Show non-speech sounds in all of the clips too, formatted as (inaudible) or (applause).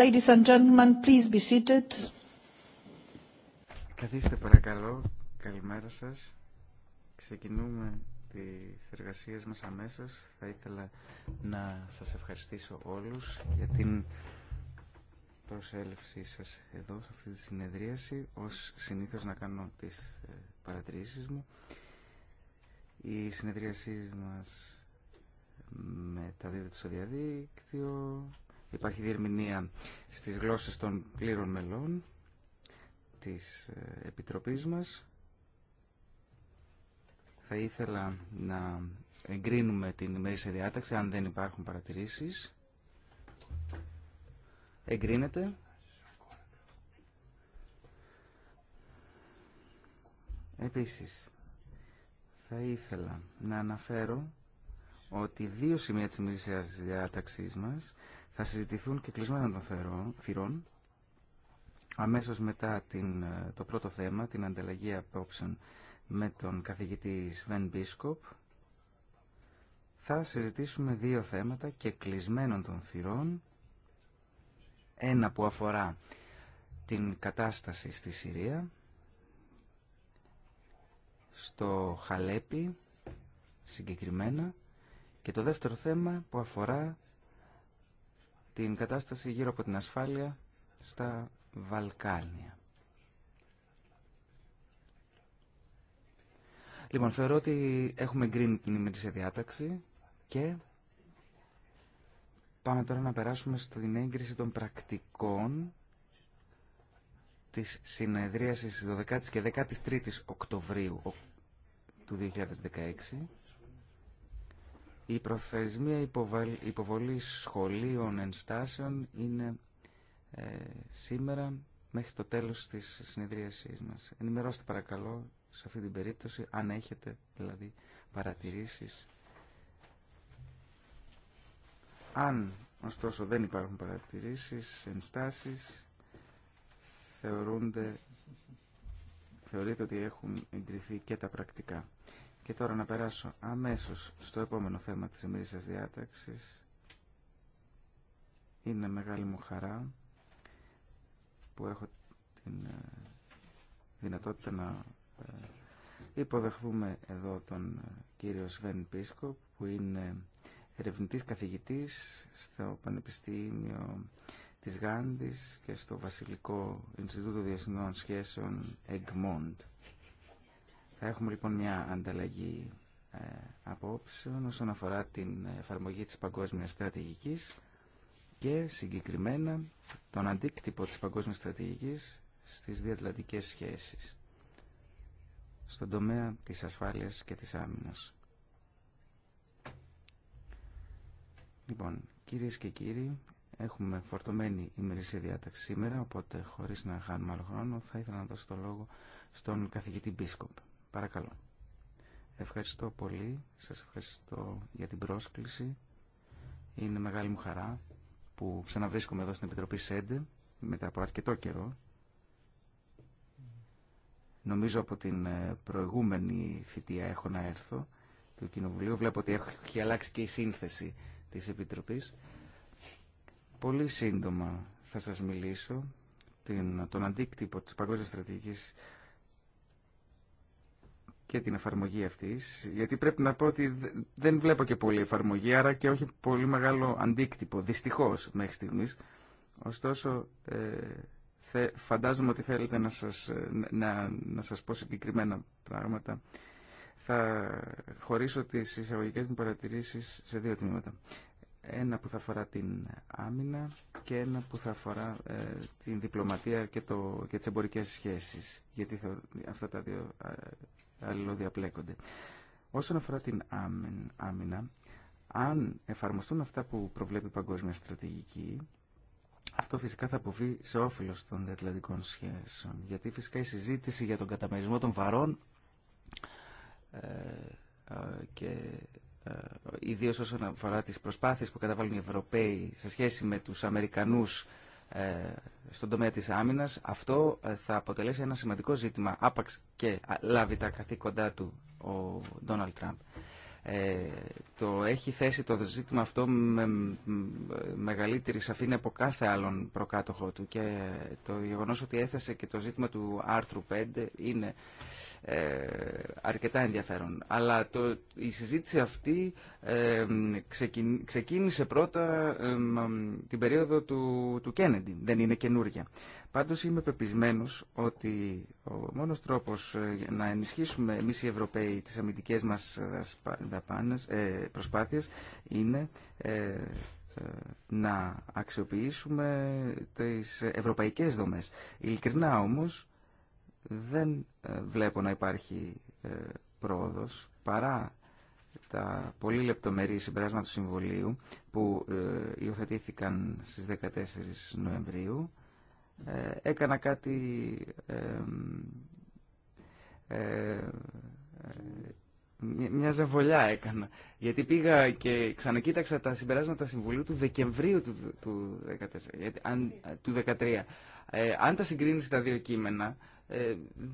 Ladies and gentlemen, please be seated. Καθίστε παρακαλώ. Καλημέρα σας. Ξεκινούμε τις εργασίες μας αμέσως. Θα ήθελα να σας ευχαριστήσω όλους για την προσέλευσή σας εδώ σε αυτή τη συνεδρίαση. Ως συνήθως να κάνω τις ε, παρατηρήσεις μου. Η συνεδρίασή μας μεταδίδεται στο διαδίκτυο Υπάρχει διερμηνία στις γλώσσες των πλήρων μελών της ε, Επιτροπής μας. Θα ήθελα να εγκρίνουμε την ημερήσια διάταξη αν δεν υπάρχουν παρατηρήσεις. Εγκρίνεται. Επίσης, θα ήθελα να αναφέρω ότι δύο σημεία της ημερήσιας διάταξής μας θα συζητηθούν και κλεισμένων των θυρών αμέσως μετά την, ε, το πρώτο θέμα, την ανταλλαγή απόψεων με τον καθηγητή Σβέν Μπίσκοπ. Θα συζητήσουμε δύο θέματα και κλεισμένων των θυρών. Ένα που αφορά την κατάσταση στη Συρία, στο Χαλέπι συγκεκριμένα, και το δεύτερο θέμα που αφορά την κατάσταση γύρω από την ασφάλεια στα Βαλκάνια. Λοιπόν, θεωρώ ότι έχουμε γκρίνει την ημερήσια διάταξη και πάμε τώρα να περάσουμε στην έγκριση των πρακτικών της συνεδρίασης 12 και 13 Οκτωβρίου του 2016. Η προθεσμία υποβολής σχολείων ενστάσεων είναι ε, σήμερα μέχρι το τέλος της συνεδρίασής μας. Ενημερώστε παρακαλώ σε αυτή την περίπτωση αν έχετε δηλαδή παρατηρήσεις. Αν ωστόσο δεν υπάρχουν παρατηρήσεις, ενστάσεις, θεωρούνται, θεωρείται ότι έχουν εγκριθεί και τα πρακτικά. Και τώρα να περάσω αμέσως στο επόμενο θέμα της ημερήσιας διάταξης. Είναι μεγάλη μου χαρά που έχω την ε, δυνατότητα να ε, υποδεχθούμε εδώ τον ε, κύριο Σβέν Πίσκο που είναι ερευνητής καθηγητής στο Πανεπιστήμιο της Γάντης και στο Βασιλικό Ινστιτούτο Διεθνών Σχέσεων Έγμοντ. Θα έχουμε λοιπόν μια ανταλλαγή ε, απόψεων όσον αφορά την εφαρμογή της παγκόσμιας στρατηγικής και συγκεκριμένα τον αντίκτυπο της παγκόσμιας στρατηγικής στις διατλαντικές σχέσεις στον τομέα της ασφάλειας και της άμυνας. Λοιπόν, κυρίες και κύριοι, έχουμε φορτωμένη ημερήσια διάταξη σήμερα, οπότε χωρίς να χάνουμε άλλο χρόνο θα ήθελα να δώσω το λόγο στον καθηγητή Μπίσκοπ. Παρακαλώ. Ευχαριστώ πολύ. Σας ευχαριστώ για την πρόσκληση. Είναι μεγάλη μου χαρά που ξαναβρίσκομαι εδώ στην Επιτροπή ΣΕΝΤΕ μετά από αρκετό καιρό. Νομίζω από την ε, προηγούμενη θητεία έχω να έρθω του Κοινοβουλίου. Βλέπω ότι έχει αλλάξει και η σύνθεση της Επιτροπής. Πολύ σύντομα θα σας μιλήσω τον αντίκτυπο της παγκόσμιας στρατηγικής και την εφαρμογή αυτής, γιατί πρέπει να πω ότι δεν βλέπω και πολύ εφαρμογή, άρα και όχι πολύ μεγάλο αντίκτυπο, δυστυχώς μέχρι στιγμή. Ωστόσο, ε, φαντάζομαι ότι θέλετε να σας, ε, να, να σας πω συγκεκριμένα πράγματα. Θα χωρίσω τις εισαγωγικές μου παρατηρήσεις σε δύο τμήματα. Ένα που θα αφορά την άμυνα και ένα που θα αφορά ε, την διπλωματία και, το, και τις εμπορικές σχέσεις. Γιατί αυτά τα δύο αλληλοδιαπλέκονται. Όσον αφορά την άμυνα, αν εφαρμοστούν αυτά που προβλέπει η παγκόσμια στρατηγική, αυτό φυσικά θα αποβεί σε όφελο των διατλαντικών σχέσεων. Γιατί φυσικά η συζήτηση για τον καταμερισμό των βαρών ε, ε, και ε, ιδίως όσον αφορά τις προσπάθειες που καταβάλουν οι Ευρωπαίοι σε σχέση με τους Αμερικανούς ε, στον τομέα της άμυνας. Αυτό ε, θα αποτελέσει ένα σημαντικό ζήτημα άπαξ και λάβει τα καθήκοντά του ο Ντόναλτ Τραμπ. Ε, το έχει θέσει το ζήτημα αυτό με μεγαλύτερη σαφήνεια από κάθε άλλον προκάτοχο του και το γεγονός ότι έθεσε και το ζήτημα του άρθρου 5 είναι ε, αρκετά ενδιαφέρον. Αλλά το, η συζήτηση αυτή ε, ξεκίνησε πρώτα την περίοδο του, του Kennedy, Δεν είναι καινούργια. Πάντω είμαι πεπισμένο ότι ο μόνος τρόπος ε, να ενισχύσουμε εμεί οι Ευρωπαίοι τι αμυντικές μα προσπάθειε ε, προσπάθειες είναι ε, να αξιοποιήσουμε τις ευρωπαϊκές δομές. Ειλικρινά όμως δεν βλέπω να υπάρχει πρόοδος παρά τα πολύ λεπτομερή συμπεράσματα του Συμβουλίου που υιοθετήθηκαν στις 14 Νοεμβρίου ε, έκανα κάτι ε, ε, μια ζεβολιά έκανα. Γιατί πήγα και ξανακοίταξα τα συμπεράσματα συμβουλίου του Δεκεμβρίου του, του, του 2013. Ε, αν τα συγκρίνεις τα δύο κείμενα,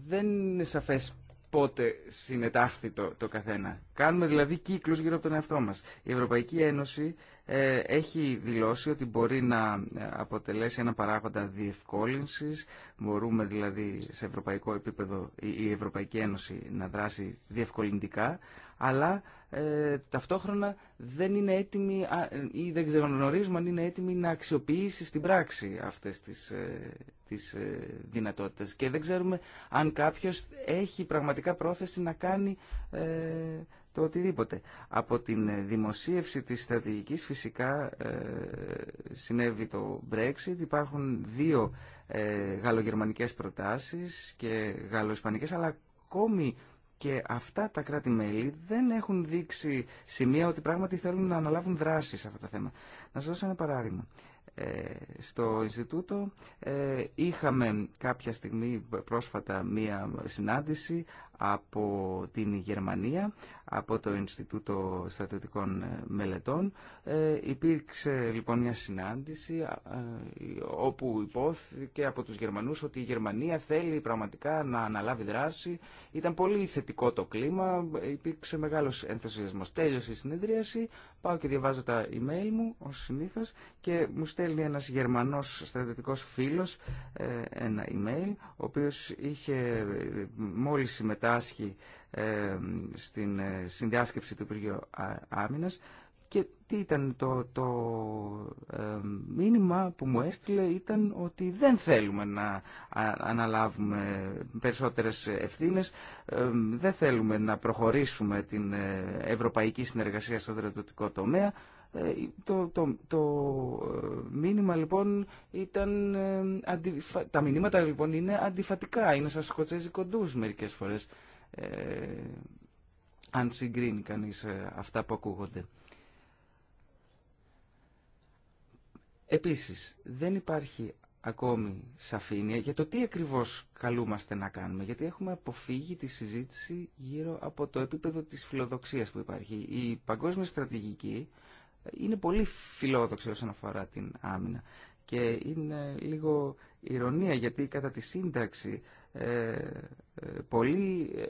δεν είναι σαφές πότε συνετάχθη το, το καθένα. Κάνουμε δηλαδή κύκλους γύρω από τον εαυτό μας. Η Ευρωπαϊκή Ένωση ε, έχει δηλώσει ότι μπορεί να ε, αποτελέσει ένα παράγοντα διευκόλυνσης. Μπορούμε δηλαδή σε ευρωπαϊκό επίπεδο η Ευρωπαϊκή Ένωση να δράσει διευκολυντικά, αλλά ε, ταυτόχρονα δεν είναι έτοιμη ή δεν γνωρίζουμε αν είναι έτοιμη να αξιοποιήσει στην πράξη αυτές τις, ε, τις Και δεν ξέρουμε αν κάποιος έχει πραγματικά πρόθεση να κάνει το οτιδήποτε. Από την δημοσίευση της στρατηγικής φυσικά ε, συνέβη το Brexit. Υπάρχουν δύο ε, γαλλογερμανικές προτάσεις και γαλλοσπανικές, αλλά ακόμη και αυτά τα κράτη-μέλη δεν έχουν δείξει σημεία ότι πράγματι θέλουν να αναλάβουν δράση σε αυτά τα θέματα. Να σας δώσω ένα παράδειγμα. Ε, στο Ινστιτούτο είχαμε κάποια στιγμή πρόσφατα μία συνάντηση από την Γερμανία, από το Ινστιτούτο Στρατιωτικών Μελετών. Ε, υπήρξε λοιπόν μια συνάντηση ε, όπου υπόθηκε από τους Γερμανούς ότι η Γερμανία θέλει πραγματικά να αναλάβει δράση. Ήταν πολύ θετικό το κλίμα, υπήρξε μεγάλος ενθουσιασμός. Τέλειωσε η συνεδρίαση, πάω και διαβάζω τα email μου ως συνήθως και μου στέλνει ένας Γερμανός στρατιωτικός φίλος ε, ένα email, ο οποίος είχε ε, μόλις συμμετάσχει συμμετάσχει ε, στην ε, συνδιάσκεψη του Υπουργείου Άμυνα. και τι ήταν το, το ε, μήνυμα που μου έστειλε ήταν ότι δεν θέλουμε να αναλάβουμε περισσότερες ευθύνες, ε, δεν θέλουμε να προχωρήσουμε την ευρωπαϊκή συνεργασία στο δραστηριοτικό τομέα, ε, το, το, το ε, μήνυμα λοιπόν ήταν ε, αντιφα... τα μηνύματα λοιπόν είναι αντιφατικά είναι σαν σκοτσέζι κοντούς μερικές φορές ε, αν συγκρίνει κανείς αυτά που ακούγονται Επίσης δεν υπάρχει ακόμη σαφήνεια για το τι ακριβώς καλούμαστε να κάνουμε γιατί έχουμε αποφύγει τη συζήτηση γύρω από το επίπεδο της φιλοδοξίας που υπάρχει η παγκόσμια στρατηγική είναι πολύ φιλόδοξη όσον αφορά την άμυνα. Και είναι λίγο ηρωνία γιατί κατά τη σύνταξη ε, ε πολλοί ε, ε,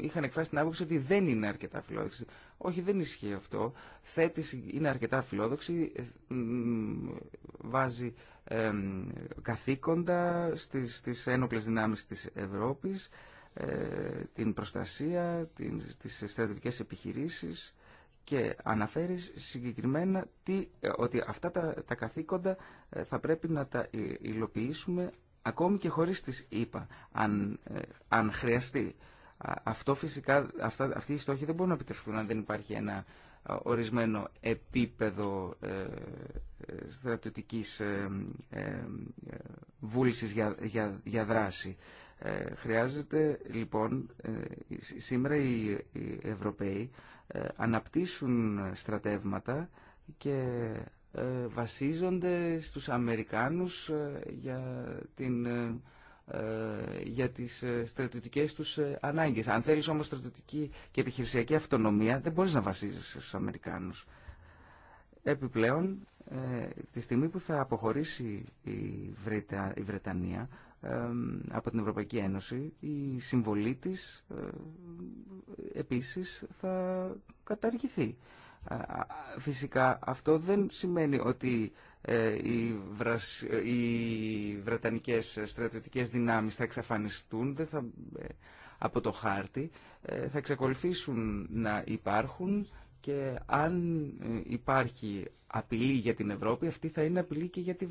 είχαν εκφράσει την άποψη ότι δεν είναι αρκετά φιλόδοξη. Όχι, δεν ισχύει αυτό. Θέτηση είναι αρκετά φιλόδοξη, βάζει καθήκοντα στις, στις ένοπλες δυνάμεις της Ευρώπης, την προστασία, την, τις στρατιωτικές επιχειρήσεις και αναφέρει συγκεκριμένα τι, ε, ότι αυτά τα, τα καθήκοντα ε, θα πρέπει να τα υλοποιήσουμε ακόμη και χωρίς τις ΕΠΑ, αν, ε, αν χρειαστεί. Αυτό φυσικά, αυτά, αυτοί οι στόχοι δεν μπορούν να επιτευχθούν αν δεν υπάρχει ένα ορισμένο επίπεδο ε, στρατιωτικής βούλησης για, δράση. Χρειάζεται λοιπόν σήμερα οι, οι Ευρωπαίοι ε, αναπτύσσουν στρατεύματα και ε, βασίζονται στους Αμερικάνους ε, για, την, για τις στρατιωτικές τους ανάγκες. Αν θέλεις όμως στρατιωτική και επιχειρησιακή αυτονομία δεν μπορείς να βασίζεσαι στους Αμερικάνους. Επιπλέον, τη στιγμή που θα αποχωρήσει η Βρετανία, από την Ευρωπαϊκή Ένωση. Η συμβολή της ε, επίσης θα καταργηθεί. Φυσικά αυτό δεν σημαίνει ότι ε, οι, βρασ... οι βρετανικές στρατιωτικές δυνάμεις θα εξαφανιστούν δεν θα... Ε, από το χάρτη. Θα εξακολουθήσουν να υπάρχουν και αν υπάρχει απειλή για την Ευρώπη αυτή θα είναι απειλή και για τη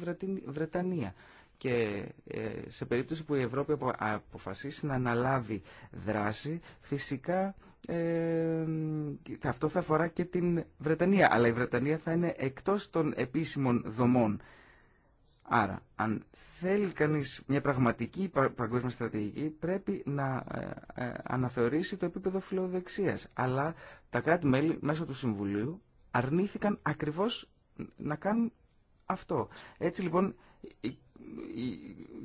Βρετανία. Και ε, σε περίπτωση που η Ευρώπη αποφασίσει να αναλάβει δράση, φυσικά ε, αυτό θα αφορά και την Βρετανία. Αλλά η Βρετανία θα είναι εκτός των επίσημων δομών. Άρα, αν θέλει κανείς μια πραγματική παγκόσμια στρατηγική, πρέπει να ε, ε, αναθεωρήσει το επίπεδο φιλοδεξίας. Αλλά τα κράτη-μέλη μέσω του Συμβουλίου αρνήθηκαν ακριβώς να κάνουν αυτό. Έτσι λοιπόν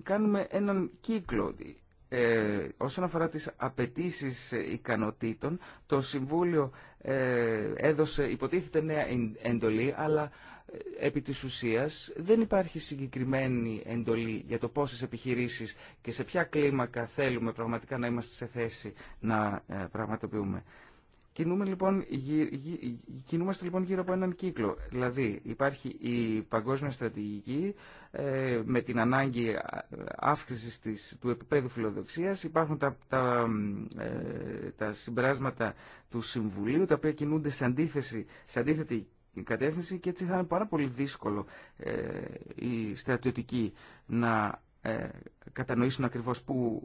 κάνουμε έναν κύκλο. Ε, όσον αφορά τις απαιτήσει ε, ικανοτήτων, το Συμβούλιο ε, έδωσε, υποτίθεται νέα εντολή, αλλά ε, επί της ουσίας δεν υπάρχει συγκεκριμένη εντολή για το πόσες επιχειρήσεις και σε ποια κλίμακα θέλουμε πραγματικά να είμαστε σε θέση να πραγματοποιούμε Κινούμε, λοιπόν, κινούμαστε λοιπόν γύρω από έναν κύκλο. Δηλαδή υπάρχει η παγκόσμια στρατηγική ε, με την ανάγκη ε, αύξησης της, του επίπεδου φιλοδοξίας. Υπάρχουν τα, τα, ε, τα συμπεράσματα του Συμβουλίου τα οποία κινούνται σε, αντίθεση, σε αντίθετη κατεύθυνση και έτσι θα είναι πάρα πολύ δύσκολο ε, οι στρατιωτικοί να κατανοήσουν ακριβώς πού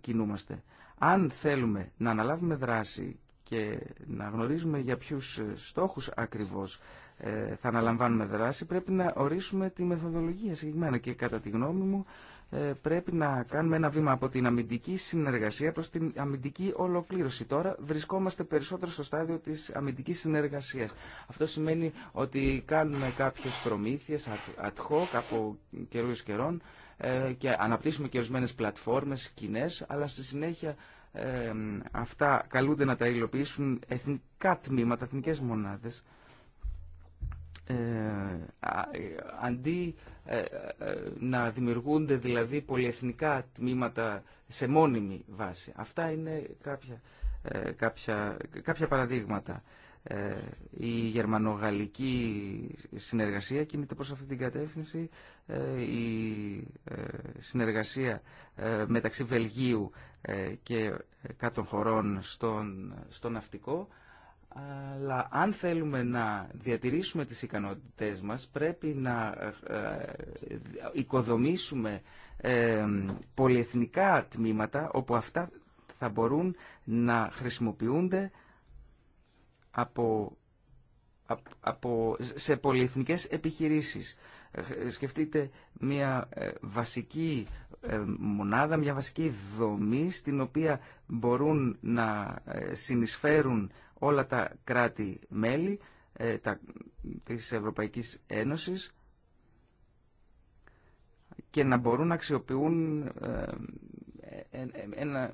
κινούμαστε. Αν θέλουμε να αναλάβουμε δράση και να γνωρίζουμε για ποιους ε, στόχους ακριβώς ε, θα αναλαμβάνουμε δράση, πρέπει να ορίσουμε τη μεθοδολογία συγκεκριμένα και κατά τη γνώμη μου ε, πρέπει να κάνουμε ένα βήμα από την αμυντική συνεργασία προς την αμυντική ολοκλήρωση. Τώρα βρισκόμαστε περισσότερο στο στάδιο της αμυντικής συνεργασίας. Αυτό σημαίνει ότι κάνουμε κάποιες προμήθειες ad hoc από καιρούς καιρών και αναπτύσσουμε και ορισμένε πλατφόρμες κοινέ, αλλά στη συνέχεια αυτά καλούνται να τα υλοποιήσουν εθνικά τμήματα, εθνικές μονάδες, ε, ε αντί ε, ε, να δημιουργούνται δηλαδή πολυεθνικά τμήματα σε μόνιμη βάση. Αυτά είναι κάποια, κάποια, κάποια παραδείγματα. Η γερμανογαλλική συνεργασία κινείται προς αυτή την κατεύθυνση. Η συνεργασία μεταξύ Βελγίου ε, και ε, κάτω χωρών στον, στο ναυτικό, αλλά αν θέλουμε να διατηρήσουμε τις ικανότητές μας πρέπει να ε, οικοδομήσουμε πολυεθνικά τμήματα όπου αυτά θα μπορούν να χρησιμοποιούνται από, από, σε πολυεθνικές επιχειρήσεις. Σκεφτείτε μια βασική ε, μονάδα, μια βασική δομή στην οποία μπορούν να ε, συνεισφέρουν όλα τα κράτη-μέλη ε, της Ευρωπαϊκής Ένωσης και να μπορούν να αξιοποιούν ένα,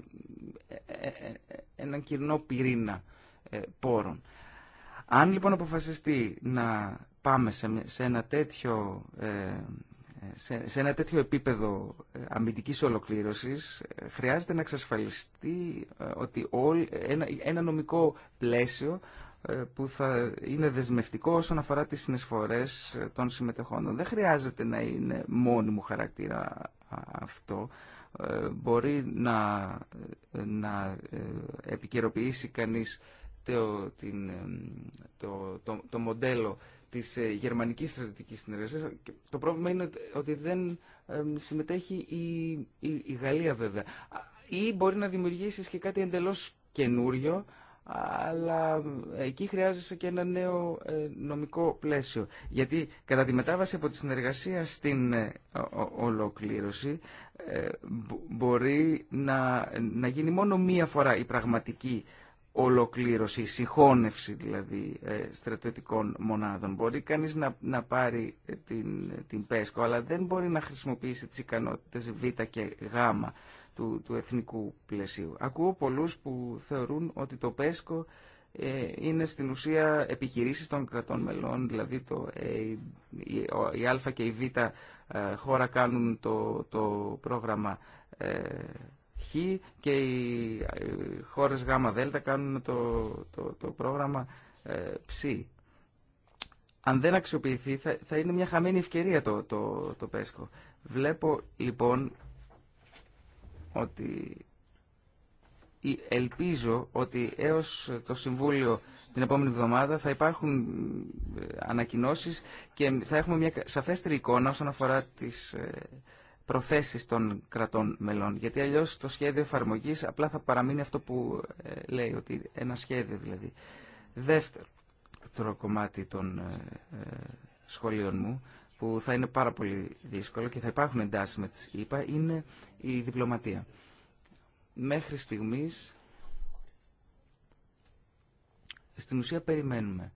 έναν κοινό πυρήνα πόρων. Αν λοιπόν αποφασιστεί να πάμε σε ένα τέτοιο σε, ένα τέτοιο επίπεδο ε, αμυντικής ολοκλήρωσης ε, χρειάζεται να εξασφαλιστεί ε, ότι ένα, νομικό πλαίσιο που θα είναι δεσμευτικό όσον αφορά τις συνεισφορές των συμμετεχόντων. Δεν χρειάζεται να είναι μόνιμο χαρακτήρα αυτό. Μπορεί να, να επικαιροποιήσει κανείς το, το, το μοντέλο της ε, γερμανική στρατιωτικής συνεργασία. Το πρόβλημα είναι ότι δεν συμμετέχει η, η, Γαλλία βέβαια. Ή μπορεί να δημιουργήσει και κάτι εντελώς καινούριο, αλλά ε, εκεί χρειάζεσαι και ένα νέο ε, νομικό πλαίσιο. Γιατί κατά τη μετάβαση από τη συνεργασία στην ολοκλήρωση μπορεί να, να γίνει μόνο μία φορά η πραγματική ολοκλήρωση, συγχώνευση δηλαδή ε, στρατιωτικών μονάδων. Μπορεί κανείς να, να πάρει ε, την, την ΠΕΣΚΟ, αλλά δεν μπορεί να χρησιμοποιήσει τις ικανότητες Β και Γ του, του εθνικού πλαισίου. Ακούω πολλούς που θεωρούν ότι το ΠΕΣΚΟ ε, είναι στην ουσία επιχειρήσεις των κρατών μελών, δηλαδή το, η Α και η Β χώρα κάνουν το, το πρόγραμμα Χ και οι χώρες ΓΔ Δέλτα κάνουν το, το, πρόγραμμα ε, Ψ. Αν δεν αξιοποιηθεί θα, είναι μια χαμένη ευκαιρία το, ΠΕΣΚΟ. Βλέπω λοιπόν ότι ελπίζω ότι έως το Συμβούλιο την επόμενη εβδομάδα θα υπάρχουν ε, ανακοινώσεις και θα έχουμε μια σαφέστερη εικόνα όσον αφορά τις ε, προθέσεις των κρατών μελών. Γιατί αλλιώς το σχέδιο εφαρμογής απλά θα παραμείνει αυτό που ε, λέει, ότι ένα σχέδιο δηλαδή. Δεύτερο κομμάτι των ε, ε, σχολείων μου, που θα είναι πάρα πολύ δύσκολο και θα υπάρχουν εντάσεις με τις ΕΠΑ, είναι η διπλωματία. Μέχρι στιγμής, στην ουσία περιμένουμε.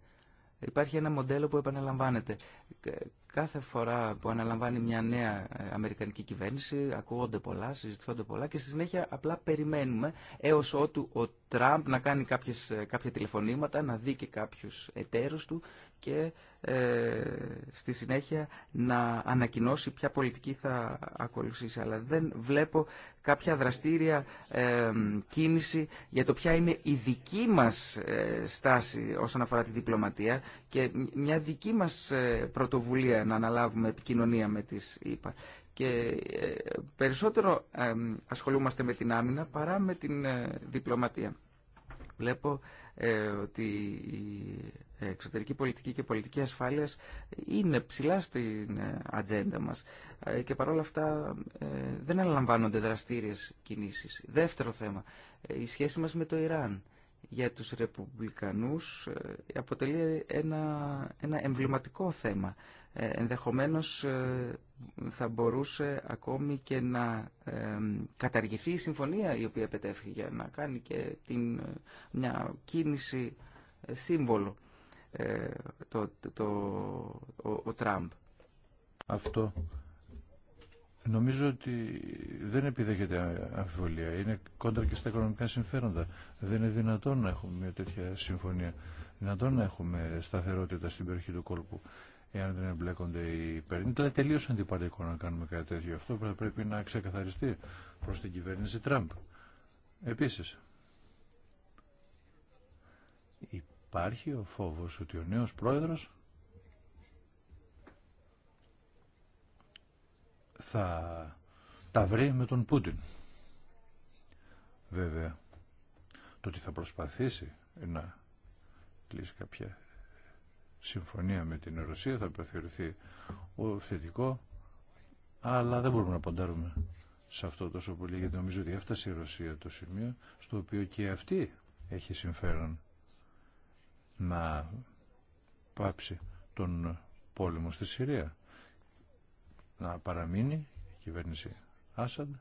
Υπάρχει ένα μοντέλο που επαναλαμβάνεται. Κάθε φορά που αναλαμβάνει μια νέα ε, Αμερικανική κυβέρνηση ακούγονται πολλά, συζητιόνται πολλά και στη συνέχεια απλά περιμένουμε έως ότου ο Τραμπ να κάνει κάποιες, ε, κάποια τηλεφωνήματα, να δει και κάποιους εταίρους του και ε, στη συνέχεια να ανακοινώσει ποια πολιτική θα ακολουθήσει. Αλλά δεν βλέπω κάποια δραστήρια ε, κίνηση για το ποια είναι η δική μας ε, στάση όσον αφορά τη διπλωματία και μια δική μας πρωτοβουλία να αναλάβουμε επικοινωνία με τις ΗΠΑ. Και ε, περισσότερο ασχολούμαστε με την άμυνα παρά με την ε, διπλωματία. Βλέπω ε, ότι η εξωτερική πολιτική και πολιτική ασφάλειας είναι ψηλά στην ατζέντα μας και παρόλα αυτά δεν αναλαμβάνονται δραστήριες κινήσεις. Δεύτερο θέμα, η σχέση μας με το Ιράν για τους Ρεπουμπλικανούς αποτελεί ένα, ένα εμβληματικό θέμα ε, ενδεχομένως ε, θα μπορούσε ακόμη και να ε, καταργηθεί η συμφωνία η οποία πετεύχει για να κάνει και την, μια κίνηση σύμβολο το, το, ο, ο Τραμπ. Αυτό νομίζω ότι δεν επιδέχεται αμφιβολία. Είναι κόντρα και στα οικονομικά συμφέροντα. Δεν είναι δυνατόν να έχουμε μια τέτοια συμφωνία. Δυνατόν να έχουμε σταθερότητα στην περιοχή του κόλπου εάν δεν εμπλέκονται οι υπέρ. Δηλαδή τελείω αντιπαρικό να κάνουμε κάτι τέτοιο. Αυτό πρέπει να ξεκαθαριστεί προς την κυβέρνηση Τραμπ. Επίσης, υπάρχει ο φόβος ότι ο νέος πρόεδρος θα τα βρει με τον Πούτιν. Βέβαια, το ότι θα προσπαθήσει να κλείσει κάποια συμφωνία με την Ρωσία θα προφερθεί ο θετικό, αλλά δεν μπορούμε να ποντάρουμε σε αυτό τόσο πολύ, γιατί νομίζω ότι έφτασε η Ρωσία το σημείο στο οποίο και αυτή έχει συμφέρον να πάψει τον πόλεμο στη Συρία. Να παραμείνει η κυβέρνηση Άσαντ.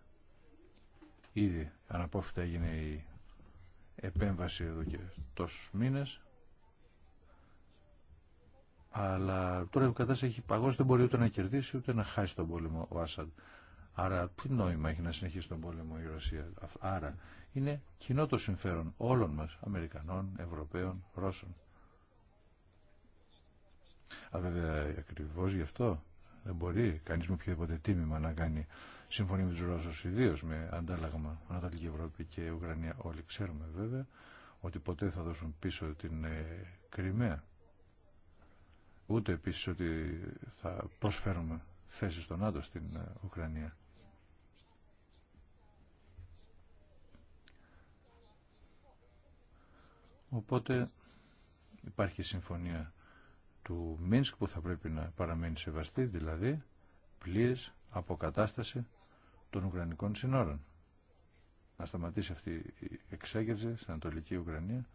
Ήδη αναπόφευκτα έγινε η επέμβαση εδώ και τόσους μήνες αλλά τώρα η κατάσταση έχει παγώσει, δεν μπορεί ούτε να κερδίσει ούτε να χάσει τον πόλεμο ο Άσαντ. Άρα τι νόημα έχει να συνεχίσει τον πόλεμο η Ρωσία. Άρα είναι κοινό το συμφέρον όλων μα, Αμερικανών, Ευρωπαίων, Ρώσων. Α βέβαια ακριβώ γι' αυτό δεν μπορεί κανεί με οποιοδήποτε τίμημα να κάνει συμφωνία με του Ρώσους, Ιδίω με αντάλλαγμα Ανατολική Ευρώπη και Ουκρανία. Όλοι ξέρουμε βέβαια ότι ποτέ θα δώσουν πίσω την ε, Κρυμαία ούτε επίσης ότι θα προσφέρουμε θέσεις στον ΝΑΤΟ στην ε, Ουκρανία. Οπότε υπάρχει συμφωνία του Μίνσκ που θα πρέπει να παραμείνει σεβαστή, δηλαδή πλήρης αποκατάσταση των Ουκρανικών συνόρων. Να σταματήσει αυτή η εξέγερση στην Ανατολική Ουκρανία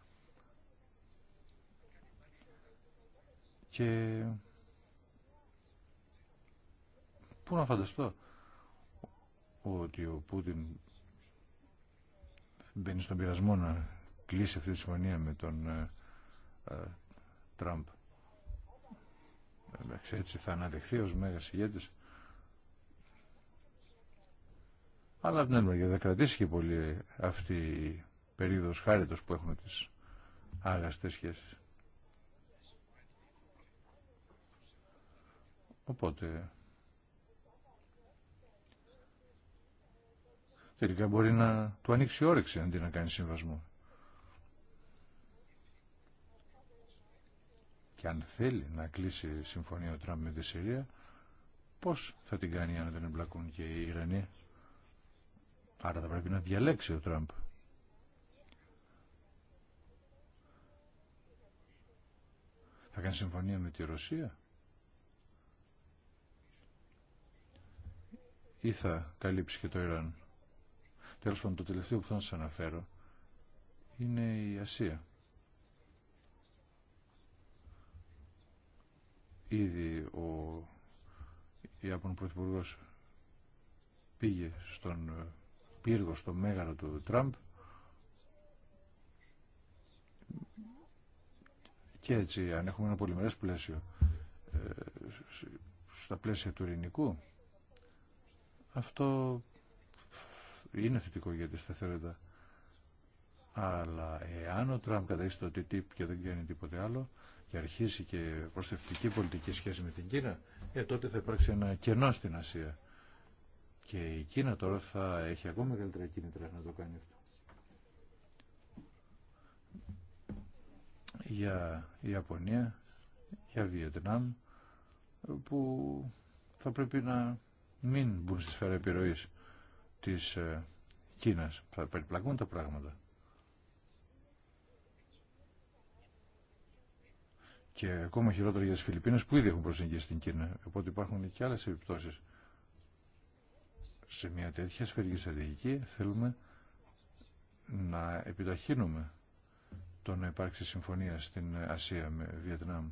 Και πού να φανταστώ ότι ο Πούτιν μπαίνει στον πειρασμό να κλείσει αυτή τη συμφωνία με τον ε, ε, Τραμπ. έτσι θα αναδεχθεί ως μέγας ηγέτης. Αλλά δεν την άλλη θα κρατήσει και πολύ αυτή η περίοδος χάριτος που έχουν τις άγαστες σχέσεις. Οπότε τελικά μπορεί να του ανοίξει όρεξη αντί να κάνει συμβασμό. Και αν θέλει να κλείσει συμφωνία ο Τραμπ με τη Συρία, πώς θα την κάνει αν δεν εμπλακούν και οι Ιρανοί. Άρα θα πρέπει να διαλέξει ο Τραμπ. Θα κάνει συμφωνία με τη Ρωσία ή θα καλύψει και το Ιράν. Τέλος πάντων, το τελευταίο που θα σας αναφέρω είναι η Ασία. Ήδη ο Ιάπων Πρωθυπουργός πήγε στον ε, πύργο, στο μέγαρο του Τραμπ και έτσι αν έχουμε ένα πολυμερές πλαίσιο ε, στα πλαίσια του ειρηνικού αυτό είναι θετικό για τη σταθερότητα. Αλλά εάν ο Τραμπ καταλήξει το TTIP και δεν κάνει τίποτε άλλο και αρχίσει και προστευτική πολιτική σχέση με την Κίνα, ε, τότε θα υπάρξει ένα κενό στην Ασία. Και η Κίνα τώρα θα έχει ακόμα μεγαλύτερα κίνητρα να το κάνει αυτό. Για Ιαπωνία, για Βιετνάμ, που θα πρέπει να μην μπουν στη σφαίρα επιρροής της ε, Κίνας. Θα περιπλακούν τα πράγματα. Και ακόμα χειρότερα για τι Φιλιππίνες που ήδη έχουν προσεγγίσει την Κίνα. Οπότε υπάρχουν και άλλε επιπτώσει. Σε μια τέτοια σφαιρική στρατηγική θέλουμε να επιταχύνουμε το να υπάρξει συμφωνία στην Ασία με Βιετνάμ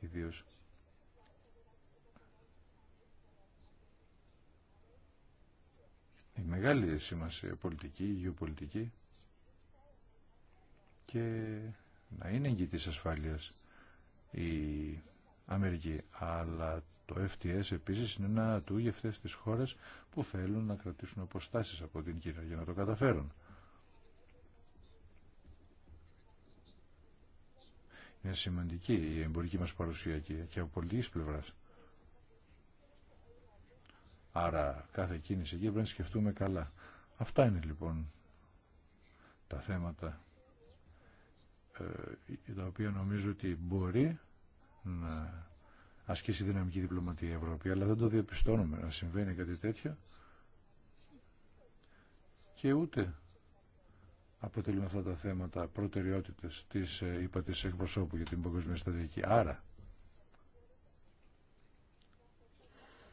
ιδίως. Η μεγάλη σημασία πολιτική, γεωπολιτική και να είναι εγγύτης ασφάλειας η Αμερική. Αλλά το FTS επίσης είναι ένα του για αυτές τις που θέλουν να κρατήσουν αποστάσεις από την Κίνα για να το καταφέρουν. Είναι σημαντική η εμπορική μας παρουσία και από πολιτικής πλευράς. Άρα κάθε κίνηση εκεί πρέπει να σκεφτούμε καλά. Αυτά είναι λοιπόν τα θέματα ε, τα οποία νομίζω ότι μπορεί να ασκήσει δυναμική διπλωματία η Ευρώπη, αλλά δεν το διαπιστώνουμε να συμβαίνει κάτι τέτοιο και ούτε αποτελούν αυτά τα θέματα προτεραιότητες της ε, είπα, της εκπροσώπου για την παγκοσμία στρατηγική. Άρα,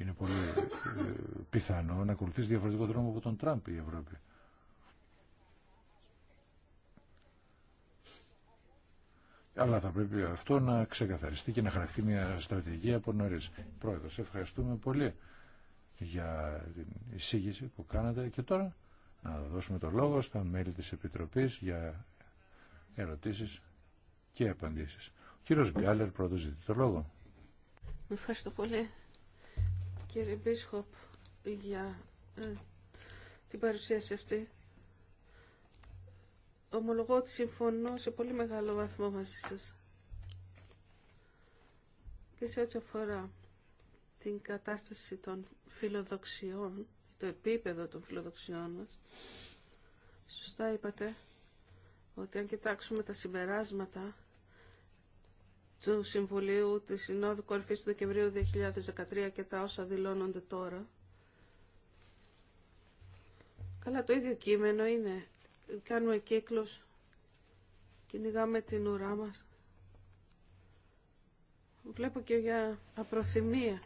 Είναι πολύ ε, πιθανό να ακολουθήσει διαφορετικό δρόμο από τον Τραμπ η Ευρώπη. Αλλά θα πρέπει αυτό να ξεκαθαριστεί και να χαρακτηρίσει μια στρατηγία από νωρί. Πρόεδρο, ευχαριστούμε πολύ για την εισήγηση που κάνατε και τώρα να δώσουμε το λόγο στα μέλη της Επιτροπής για ερωτήσεις και απαντήσεις. Ο κύριος Γκάλερ πρώτος ζητεί το λόγο. Ευχαριστώ πολύ κύριε Μπίσχοπ για ε, την παρουσίαση αυτή. Ομολογώ ότι συμφωνώ σε πολύ μεγάλο βαθμό μαζί σας. Και σε ό,τι αφορά την κατάσταση των φιλοδοξιών, το επίπεδο των φιλοδοξιών μας, σωστά είπατε ότι αν κοιτάξουμε τα συμπεράσματα του Συμβουλίου τη Συνόδου Κορυφής του Δεκεμβρίου 2013 και τα όσα δηλώνονται τώρα. Καλά, το ίδιο κείμενο είναι. Κάνουμε κύκλος, κυνηγάμε την ουρά μας. Βλέπω και για απροθυμία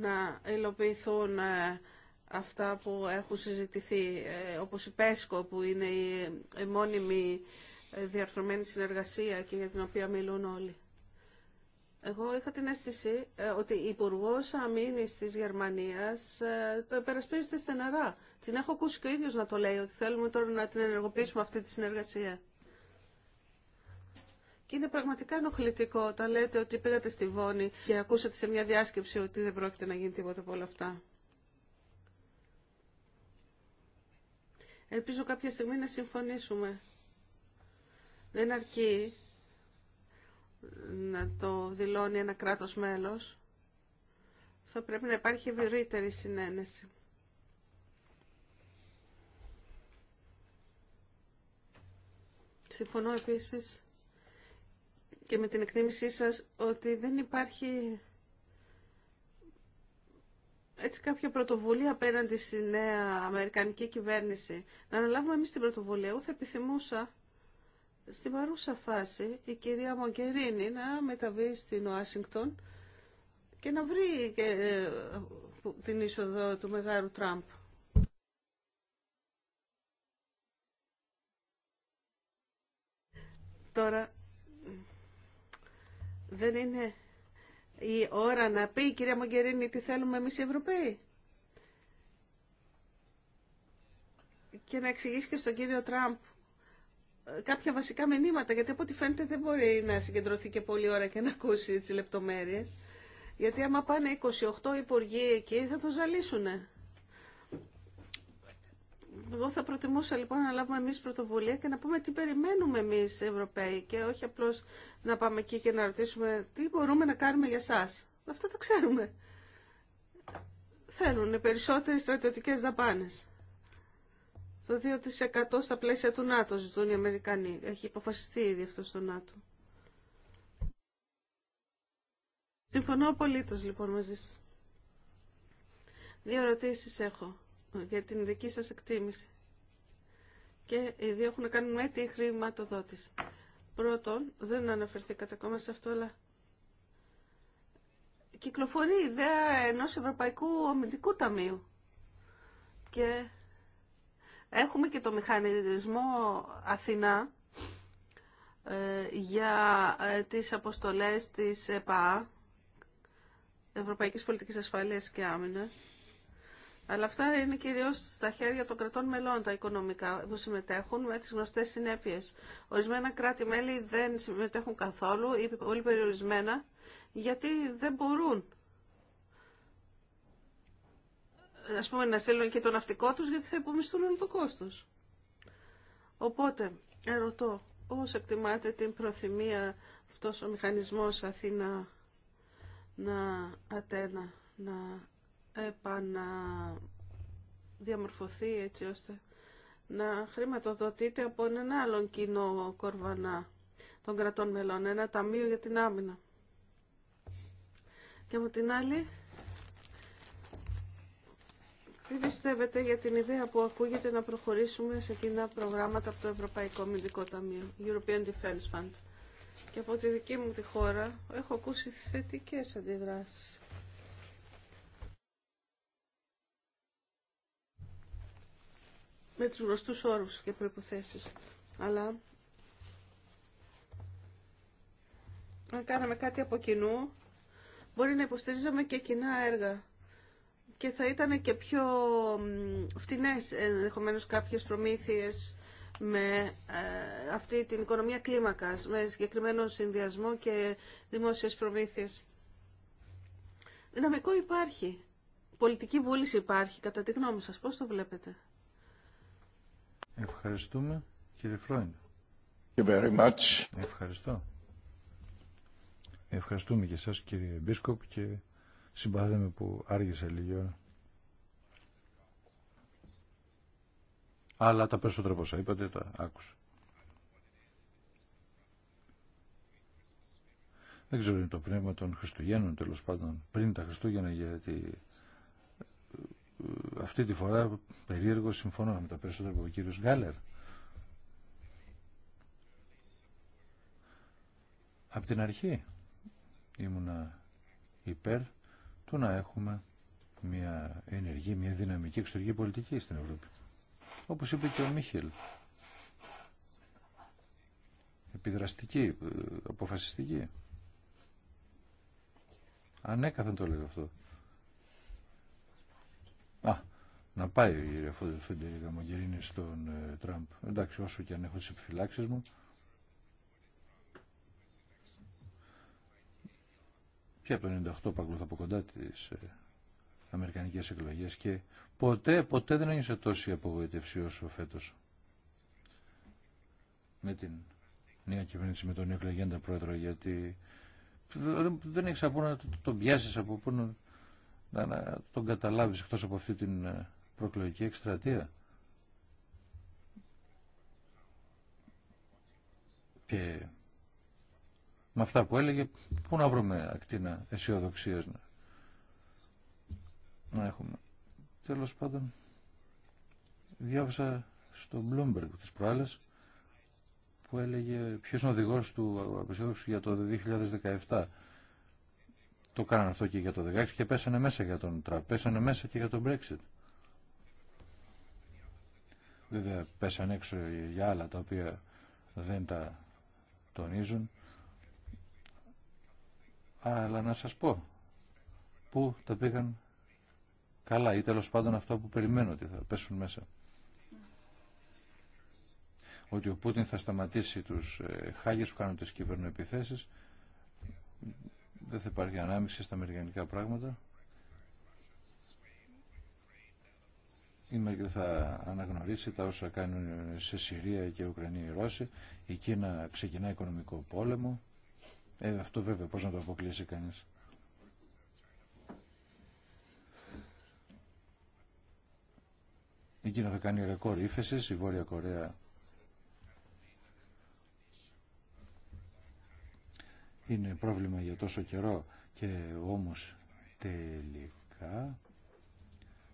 να υλοποιηθούν ε, αυτά που έχουν συζητηθεί, ε, όπως η ΠΕΣΚΟ που είναι η μόνιμη ε, διαρθρωμένη συνεργασία και για την οποία μιλούν όλοι. Εγώ είχα την αίσθηση ε, ότι η Υπουργό Αμήνη τη Γερμανία ε, το υπερασπίζεται στεναρά. Την έχω ακούσει και ο ίδιο να το λέει, ότι θέλουμε τώρα να την ενεργοποιήσουμε αυτή τη συνεργασία. Και είναι πραγματικά ενοχλητικό όταν λέτε ότι πήγατε στη Βόνη και ακούσατε σε μια διάσκεψη ότι δεν πρόκειται να γίνει τίποτα από όλα αυτά. Ελπίζω κάποια στιγμή να συμφωνήσουμε δεν αρκεί να το δηλώνει ένα κράτος μέλος. Θα πρέπει να υπάρχει ευρύτερη συνένεση. Συμφωνώ επίσης και με την εκτίμησή σας ότι δεν υπάρχει έτσι κάποια πρωτοβουλία απέναντι στη νέα Αμερικανική κυβέρνηση. Να αναλάβουμε εμείς την πρωτοβουλία. Εγώ θα επιθυμούσα Στη παρούσα φάση η κυρία Μογκερίνη να μεταβεί στην Ουάσιγκτον και να βρει ε, την είσοδο του μεγάλου Τραμπ. Τώρα δεν είναι η ώρα να πει η κυρία Μογκερίνη τι θέλουμε εμείς οι Ευρωπαίοι. Και να εξηγήσει και στον κύριο Τραμπ κάποια βασικά μηνύματα, γιατί από ό,τι φαίνεται δεν μπορεί να συγκεντρωθεί και πολλή ώρα και να ακούσει τι λεπτομέρειες. Γιατί άμα πάνε 28 υπουργοί εκεί θα το ζαλίσουνε. Εγώ θα προτιμούσα λοιπόν να λάβουμε εμείς πρωτοβουλία και να πούμε τι περιμένουμε εμείς Ευρωπαίοι και όχι απλώς να πάμε εκεί και να ρωτήσουμε τι μπορούμε να κάνουμε για εσά. Αυτό το ξέρουμε. Θέλουν περισσότερε στρατιωτικέ δαπάνες. Το 2% στα πλαίσια του ΝΑΤΟ ζητούν οι Αμερικανοί. Έχει υποφασιστεί ήδη αυτό στο ΝΑΤΟ. Συμφωνώ απολύτω λοιπόν μαζί σας. Δύο ερωτήσει έχω για την δική σας εκτίμηση. Και οι δύο έχουν να κάνουν με τη χρηματοδότηση. Πρώτον, δεν αναφερθήκατε ακόμα σε αυτό, αλλά κυκλοφορεί η ιδέα ενός Ευρωπαϊκού Ομιλικού Ταμείου. Και Έχουμε και το μηχανισμό Αθηνά ε, για ε, τις αποστολές της ΕΠΑ, Ευρωπαϊκής Πολιτικής Ασφαλείας και Άμυνας. Αλλά αυτά είναι κυρίως στα χέρια των κρατών μελών τα οικονομικά που συμμετέχουν με τις γνωστές συνέπειες. Ορισμένα κράτη-μέλη δεν συμμετέχουν καθόλου ή πολύ περιορισμένα γιατί δεν μπορούν ας πούμε, να στέλνουν και το ναυτικό τους γιατί θα υπομισθούν όλο το κόστος. Οπότε, ερωτώ, πώς εκτιμάτε την προθυμία αυτός ο μηχανισμός Αθήνα να Ατένα να επαναδιαμορφωθεί έτσι ώστε να χρηματοδοτείται από έναν άλλον κοινό κορβανά των κρατών μελών, ένα ταμείο για την άμυνα. Και από την άλλη, τι πιστεύετε για την ιδέα που ακούγεται να προχωρήσουμε σε κοινά προγράμματα από το Ευρωπαϊκό Μηδικό Ταμείο, European Defense Fund. Και από τη δική μου τη χώρα έχω ακούσει θετικές αντιδράσεις. Με τους γνωστούς όρους και προϋποθέσεις. Αλλά αν κάναμε κάτι από κοινού, μπορεί να υποστηρίζαμε και κοινά έργα και θα ήταν και πιο φτηνές ενδεχομένως κάποιες προμήθειες με ε, αυτή την οικονομία κλίμακας, με συγκεκριμένο συνδυασμό και δημόσιες προμήθειες. Δυναμικό υπάρχει. Πολιτική βούληση υπάρχει, κατά τη γνώμη σας. Πώς το βλέπετε. Ευχαριστούμε, κύριε Φρόιντ. Ευχαριστώ. Ευχαριστούμε και εσάς, κύριε Μπίσκοπ, και συμπάθαμε που άργησα λίγο Αλλά τα περισσότερα πόσα είπατε τα άκουσα. Δεν ξέρω είναι το πνεύμα των Χριστουγέννων τέλος πάντων πριν τα Χριστούγεννα γιατί ε, αυτή τη φορά περίεργο συμφωνώ με τα περισσότερα από ο κύριος Γκάλερ. Από την αρχή ήμουνα υπέρ του να έχουμε μια ενεργή, μια δυναμική εξωτερική πολιτική στην Ευρώπη. Όπως είπε και ο Μίχελ. Επιδραστική, ε, αποφασιστική. Ανέκαθεν το λέγω αυτό. Α, να πάει η Φεντερίκα Μαγκερίνη στον ε, Τραμπ. Εντάξει, όσο και αν έχω τι επιφυλάξει μου, και από το 98 παγκόσμια από κοντά τις ε, αμερικανικές εκλογές και ποτέ, ποτέ δεν σε τόση απογοητευσή όσο φέτος. Με την νέα κυβέρνηση, με τον νέο εκλεγέντα πρόεδρο, γιατί δεν έχεις από να τον πιάσεις, από πού να, να, τον καταλάβεις εκτός από αυτή την ε, προκλογική εκστρατεία. Και με αυτά που έλεγε, πού να βρούμε ακτίνα αισιοδοξία να έχουμε. Τέλος πάντων, διάβασα στο Bloomberg τη προάλλε που έλεγε ποιο είναι ο οδηγός του απεσιόδοξου για το 2017. Το κάνανε αυτό και για το 2016 και πέσανε μέσα για τον Τραπ πέσανε μέσα και για τον Brexit. Βέβαια πέσανε έξω για άλλα τα οποία δεν τα τονίζουν. Αλλά να σας πω που τα πήγαν καλά ή τέλος πάντων αυτά που περιμένω ότι θα πέσουν μέσα. Ότι ο Πούτιν θα σταματήσει τους ε, χάγες που κάνουν τις κυβερνοεπιθέσεις. Δεν θα υπάρχει ανάμειξη στα αμερικανικά πράγματα. Η Μέρκελ θα αναγνωρίσει τα όσα κάνουν σε Συρία και Ουκρανία οι Ρώσοι. Η Κίνα ξεκινά οικονομικό πόλεμο. Ε, αυτό βέβαια πώς να το αποκλείσει κανείς. Εκείνο θα κάνει ρεκόρ ύφεση, η Βόρεια Κορέα είναι πρόβλημα για τόσο καιρό και όμως τελικά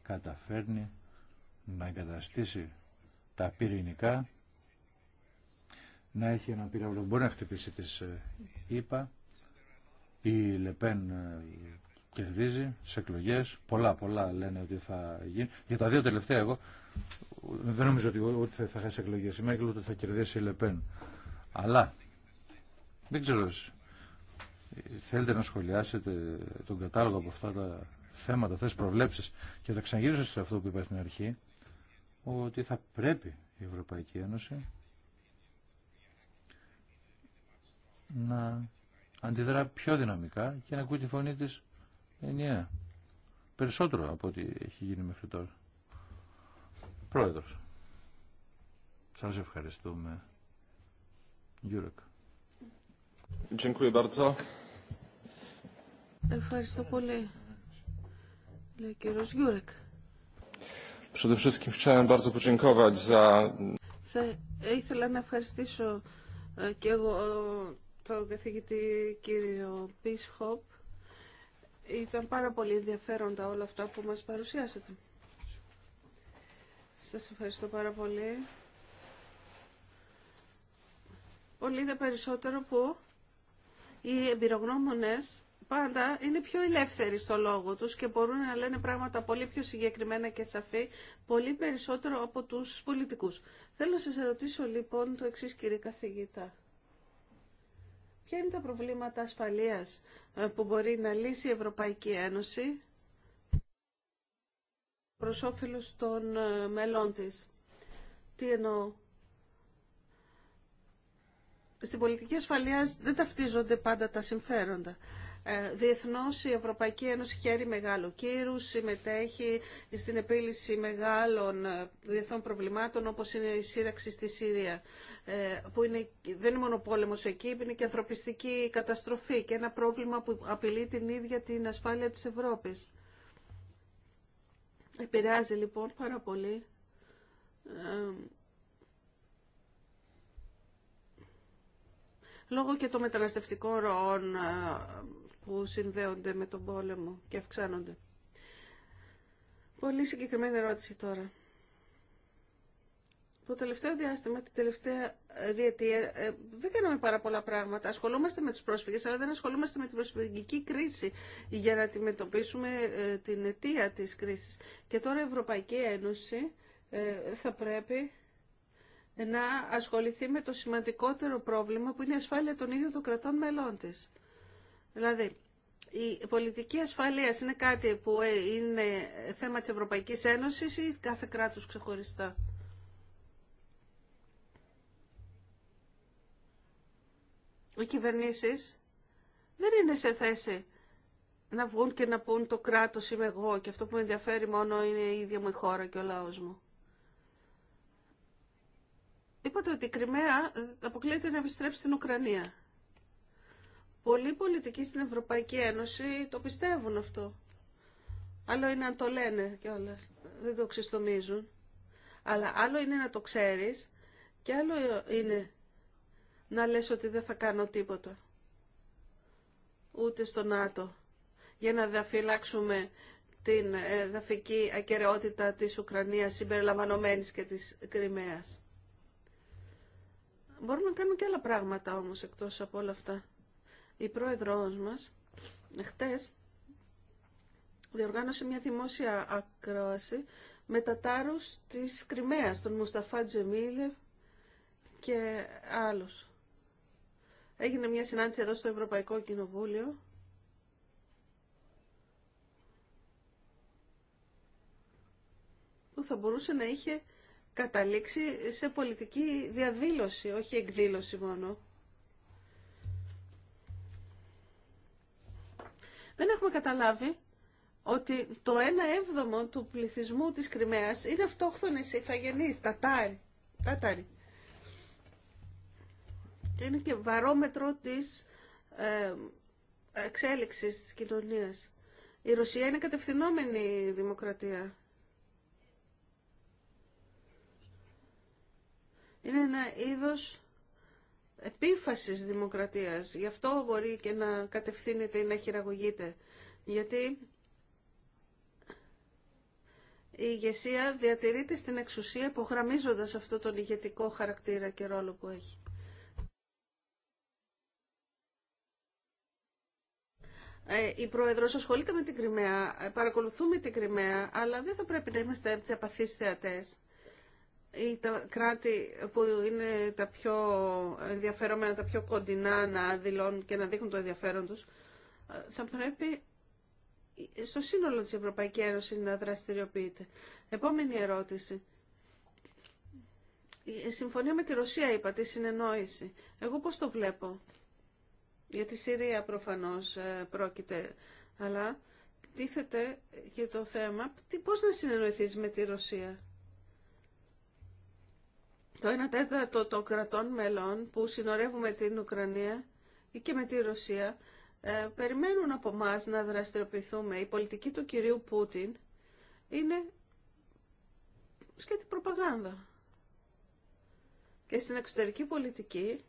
καταφέρνει να εγκαταστήσει τα πυρηνικά να έχει ένα πύραυλο μπορεί να χτυπήσει τις ΕΠΑ Η Λεπέν ε, κερδίζει σε εκλογέ. Πολλά, πολλά λένε ότι θα γίνει. Για τα δύο τελευταία, εγώ δεν νομίζω ότι, ότι θα, θα χάσει εκλογέ. Η Μέρκελ ότι θα κερδίσει η Λεπέν. Αλλά δεν ξέρω. Θέλετε να σχολιάσετε τον κατάλογο από αυτά τα θέματα, αυτέ τις προβλέψεις και θα ξαναγυρίσω σε αυτό που είπα στην αρχή ότι θα πρέπει η Ευρωπαϊκή Ένωση να αντιδρά πιο δυναμικά και να ακούει τη φωνή της ενιαία. Περισσότερο από ό,τι έχει γίνει μέχρι τώρα. Πρόεδρος. Σας ευχαριστούμε. Γιούρεκ. Ευχαριστώ πολύ. Λέει ο κύριος Γιούρεκ. Przede wszystkim chciałem bardzo podziękować za... Θα ήθελα να ευχαριστήσω ε, και εγώ το καθηγητή κύριο Πίσχοπ. Ήταν πάρα πολύ ενδιαφέροντα όλα αυτά που μας παρουσιάσατε. Σας ευχαριστώ πάρα πολύ. Πολύ δε περισσότερο που οι εμπειρογνώμονες πάντα είναι πιο ελεύθεροι στο λόγο τους και μπορούν να λένε πράγματα πολύ πιο συγκεκριμένα και σαφή, πολύ περισσότερο από τους πολιτικούς. Θέλω να σας ερωτήσω λοιπόν το εξής κύριε καθηγητά. Ποια είναι τα προβλήματα ασφαλείας ε, που μπορεί να λύσει η Ευρωπαϊκή Ένωση προς όφελος των ε, μελών της. Τι εννοώ. Στην πολιτική ασφαλείας δεν ταυτίζονται πάντα τα συμφέροντα. Ε, Διεθνώ η Ευρωπαϊκή Ένωση χαίρει μεγάλο κύρου, συμμετέχει στην επίλυση μεγάλων ε, διεθνών προβλημάτων όπως είναι η σύραξη στη Συρία ε, που είναι, δεν είναι μόνο πόλεμο εκεί, είναι και ανθρωπιστική καταστροφή και ένα πρόβλημα που απειλεί την ίδια την ασφάλεια της Ευρώπης. Επηρεάζει λοιπόν πάρα πολύ λόγω και των μεταναστευτικών ροών που συνδέονται με τον πόλεμο και αυξάνονται. Πολύ συγκεκριμένη ερώτηση τώρα. Το τελευταίο διάστημα, την τελευταία ε, διετία, ε, δεν κάναμε πάρα πολλά πράγματα. Ασχολούμαστε με τους πρόσφυγες, αλλά δεν ασχολούμαστε με την προσφυγική κρίση για να αντιμετωπίσουμε ε, την αιτία της κρίσης. Και τώρα η Ευρωπαϊκή Ένωση θα πρέπει να ασχοληθεί με το σημαντικότερο πρόβλημα που είναι η ασφάλεια των ίδιων των κρατών μελών της. Δηλαδή, η πολιτική ασφαλεία είναι κάτι που ε, είναι θέμα της Ευρωπαϊκής Ένωσης ή κάθε κράτος ξεχωριστά. Οι κυβερνήσεις δεν είναι σε θέση να βγουν και να πούν το κράτος είμαι εγώ και αυτό που με ενδιαφέρει μόνο είναι η ίδια μου η χώρα και ο λαός μου. Είπατε ότι η Κρυμαία αποκλείεται να επιστρέψει στην Ουκρανία. Πολλοί πολιτικοί στην Ευρωπαϊκή Ένωση το πιστεύουν αυτό. Άλλο είναι αν το λένε κιόλα. Δεν το ξεστομίζουν. Αλλά άλλο είναι να το ξέρεις και άλλο είναι να λες ότι δεν θα κάνω τίποτα. Ούτε στο ΝΑΤΟ. Για να διαφυλάξουμε την ε, δαφική ακαιρεότητα της Ουκρανίας συμπεριλαμβανομένης και της Κρυμαίας. Μπορούμε να κάνουμε και άλλα πράγματα όμως εκτός από όλα αυτά η πρόεδρός μας χτες διοργάνωσε μια δημόσια ακρόαση με τα τάρους της Κρυμαίας, τον Μουσταφά Τζεμίλε και άλλους. Έγινε μια συνάντηση εδώ στο Ευρωπαϊκό Κοινοβούλιο που θα μπορούσε να είχε καταλήξει σε πολιτική διαδήλωση, όχι εκδήλωση μόνο. δεν έχουμε καταλάβει ότι το ένα έβδομο του πληθυσμού της Κρυμαίας είναι αυτόχθονες ηθαγενείς, τατάρι. τατάρι. Και είναι και βαρόμετρο της ε, εξέλιξης της κοινωνίας. Η Ρωσία είναι κατευθυνόμενη δημοκρατία. Είναι ένα είδος επίφασης δημοκρατίας. Γι' αυτό μπορεί και να κατευθύνεται ή να χειραγωγείται. Γιατί η ηγεσία διατηρείται στην εξουσία υπογραμμίζοντας αυτό τον ηγετικό χαρακτήρα και ρόλο που έχει. Ε, η Πρόεδρος ασχολείται με την Κρυμαία, ε, παρακολουθούμε την Κρυμαία, αλλά δεν θα πρέπει να είμαστε απαθείς θεατές ή τα κράτη που είναι τα πιο ενδιαφερόμενα, τα πιο κοντινά να δηλώνουν και να δείχνουν το ενδιαφέρον τους, θα πρέπει στο σύνολο της Ευρωπαϊκής Ένωσης να δραστηριοποιείται. Επόμενη ερώτηση. Η συμφωνία με τη Ρωσία, είπατε, η συνεννόηση. Εγώ πώς το βλέπω. Για τη Συρία προφανώς ε, πρόκειται, αλλά τίθεται και το θέμα τι, πώς να συνεννοηθείς με τη Ρωσία το 1 τέταρτο των κρατών μελών που συνορεύουμε την Ουκρανία ή και με τη Ρωσία ε, περιμένουν από εμά να δραστηριοποιηθούμε. Η πολιτική του κυρίου Πούτιν είναι σκέτη προπαγάνδα. Και στην εξωτερική πολιτική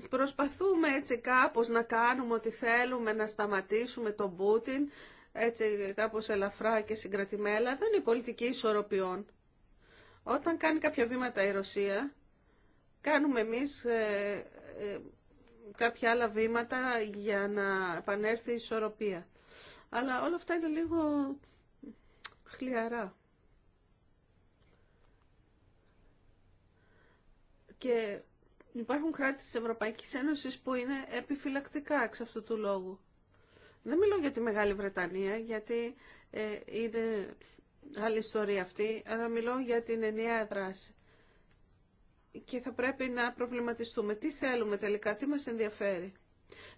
προσπαθούμε έτσι κάπως να κάνουμε ότι θέλουμε να σταματήσουμε τον Πούτιν, έτσι κάπως ελαφρά και συγκρατημένα, δεν είναι πολιτική ισορροπιών. Όταν κάνει κάποια βήματα η Ρωσία, κάνουμε εμείς ε, ε, κάποια άλλα βήματα για να επανέλθει η ισορροπία. Αλλά όλα αυτά είναι λίγο χλιαρά. Και Υπάρχουν κράτη της Ευρωπαϊκής Ένωσης που είναι επιφυλακτικά εξ αυτού του λόγου. Δεν μιλώ για τη Μεγάλη Βρετανία, γιατί ε, είναι άλλη ιστορία αυτή, αλλά μιλώ για την ενιαία δράση. Και θα πρέπει να προβληματιστούμε. Τι θέλουμε τελικά, τι μας ενδιαφέρει.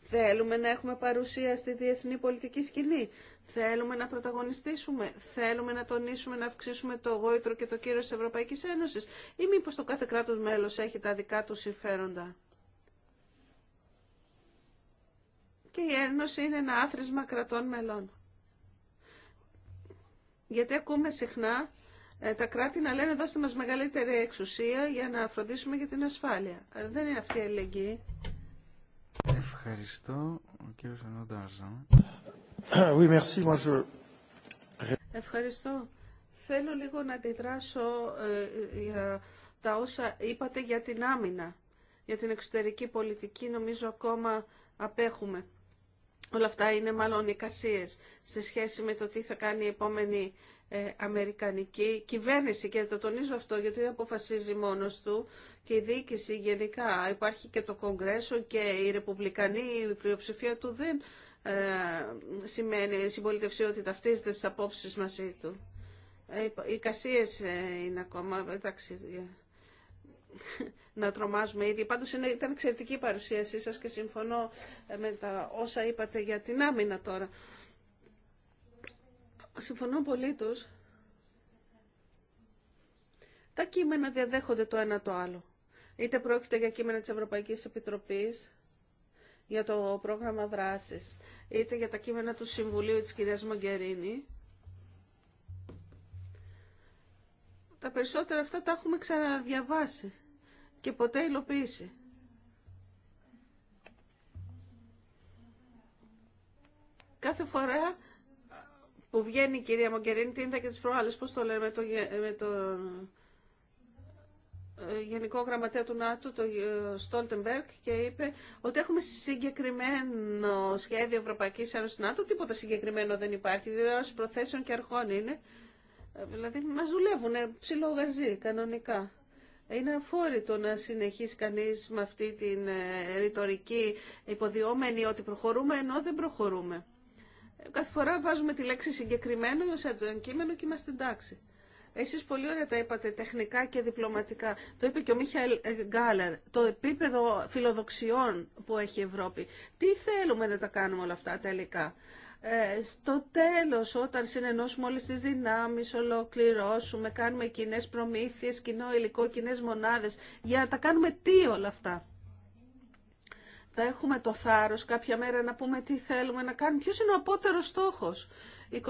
Θέλουμε να έχουμε παρουσία στη διεθνή πολιτική σκηνή. Θέλουμε να πρωταγωνιστήσουμε, θέλουμε να τονίσουμε, να αυξήσουμε το γόητρο και το κύριο της Ευρωπαϊκής Ένωσης ή μήπως το κάθε κράτος μέλος έχει τα δικά του συμφέροντα. Και η Ένωση είναι ένα άθροισμα κρατών μελών. Γιατί ακούμε συχνά ε, τα κράτη να λένε δώστε μας μεγαλύτερη εξουσία για να φροντίσουμε για την ασφάλεια. Ε, δεν είναι αυτή η ελεγγύη. Ευχαριστώ. Ο κύριος Ανοντάζα. (clears throat) Ευχαριστώ. Θέλω λίγο να αντιδράσω ε, ε, τα όσα είπατε για την άμυνα, για την εξωτερική πολιτική. Νομίζω ακόμα απέχουμε. Όλα αυτά είναι μάλλον εικασίες σε σχέση με το τι θα κάνει η επόμενη ε, αμερικανική κυβέρνηση και το τονίζω αυτό γιατί δεν αποφασίζει μόνος του και η διοίκηση γενικά. Υπάρχει και το Κογκρέσο και οι Ρεπουμπλικανοί, η πλειοψηφία του δεν ε, σημαίνει η συμπολιτευσιότητα αυτής της απόψης μαζί του. Ε, οι κασίες ε, είναι ακόμα, εντάξει, (laughs) να τρομάζουμε ήδη. Πάντως ήταν εξαιρετική η παρουσίασή σας και συμφωνώ με τα όσα είπατε για την άμυνα τώρα. Συμφωνώ πολύ τους. Τα κείμενα διαδέχονται το ένα το άλλο. Είτε πρόκειται για κείμενα της Ευρωπαϊκής Επιτροπής, για το πρόγραμμα δράσης, είτε για τα κείμενα του Συμβουλίου της κυρίας Μαγκερίνη. Τα περισσότερα αυτά τα έχουμε ξαναδιαβάσει και ποτέ υλοποίησει. Κάθε φορά που βγαίνει η κυρία Μογκερίνη, την είδα και τις προάλλες, πώς το λέμε, με το... Ε, Γενικό Γραμματέα του ΝΑΤΟ, το Στόλτεμπεργκ, και είπε ότι έχουμε συγκεκριμένο σχέδιο Ευρωπαϊκή Ένωση ΝΑΤΟ. Τίποτα συγκεκριμένο δεν υπάρχει. όσοι προθέσεων και αρχών είναι. Ε, δηλαδή, μα δουλεύουν ε, ψιλογαζί κανονικά. Είναι αφόρητο να συνεχίσει κανείς με αυτή την ρητορική υποδιόμενη ότι προχωρούμε ενώ δεν προχωρούμε. Κάθε φορά βάζουμε τη λέξη συγκεκριμένο σε αντικείμενο κείμενο και είμαστε εντάξει. Εσείς πολύ ωραία τα είπατε τεχνικά και διπλωματικά. Το είπε και ο Μίχαελ Γκάλερ. Το επίπεδο φιλοδοξιών που έχει η Ευρώπη. Τι θέλουμε να τα κάνουμε όλα αυτά τελικά. Ε, στο τέλος όταν συνενώσουμε όλες τις δυνάμεις, ολοκληρώσουμε, κάνουμε κοινέ προμήθειες, κοινό υλικό, κοινέ μονάδες, για να τα κάνουμε τι όλα αυτά. Θα έχουμε το θάρρος κάποια μέρα να πούμε τι θέλουμε να κάνουμε. Ποιος είναι ο απότερος στόχος. 28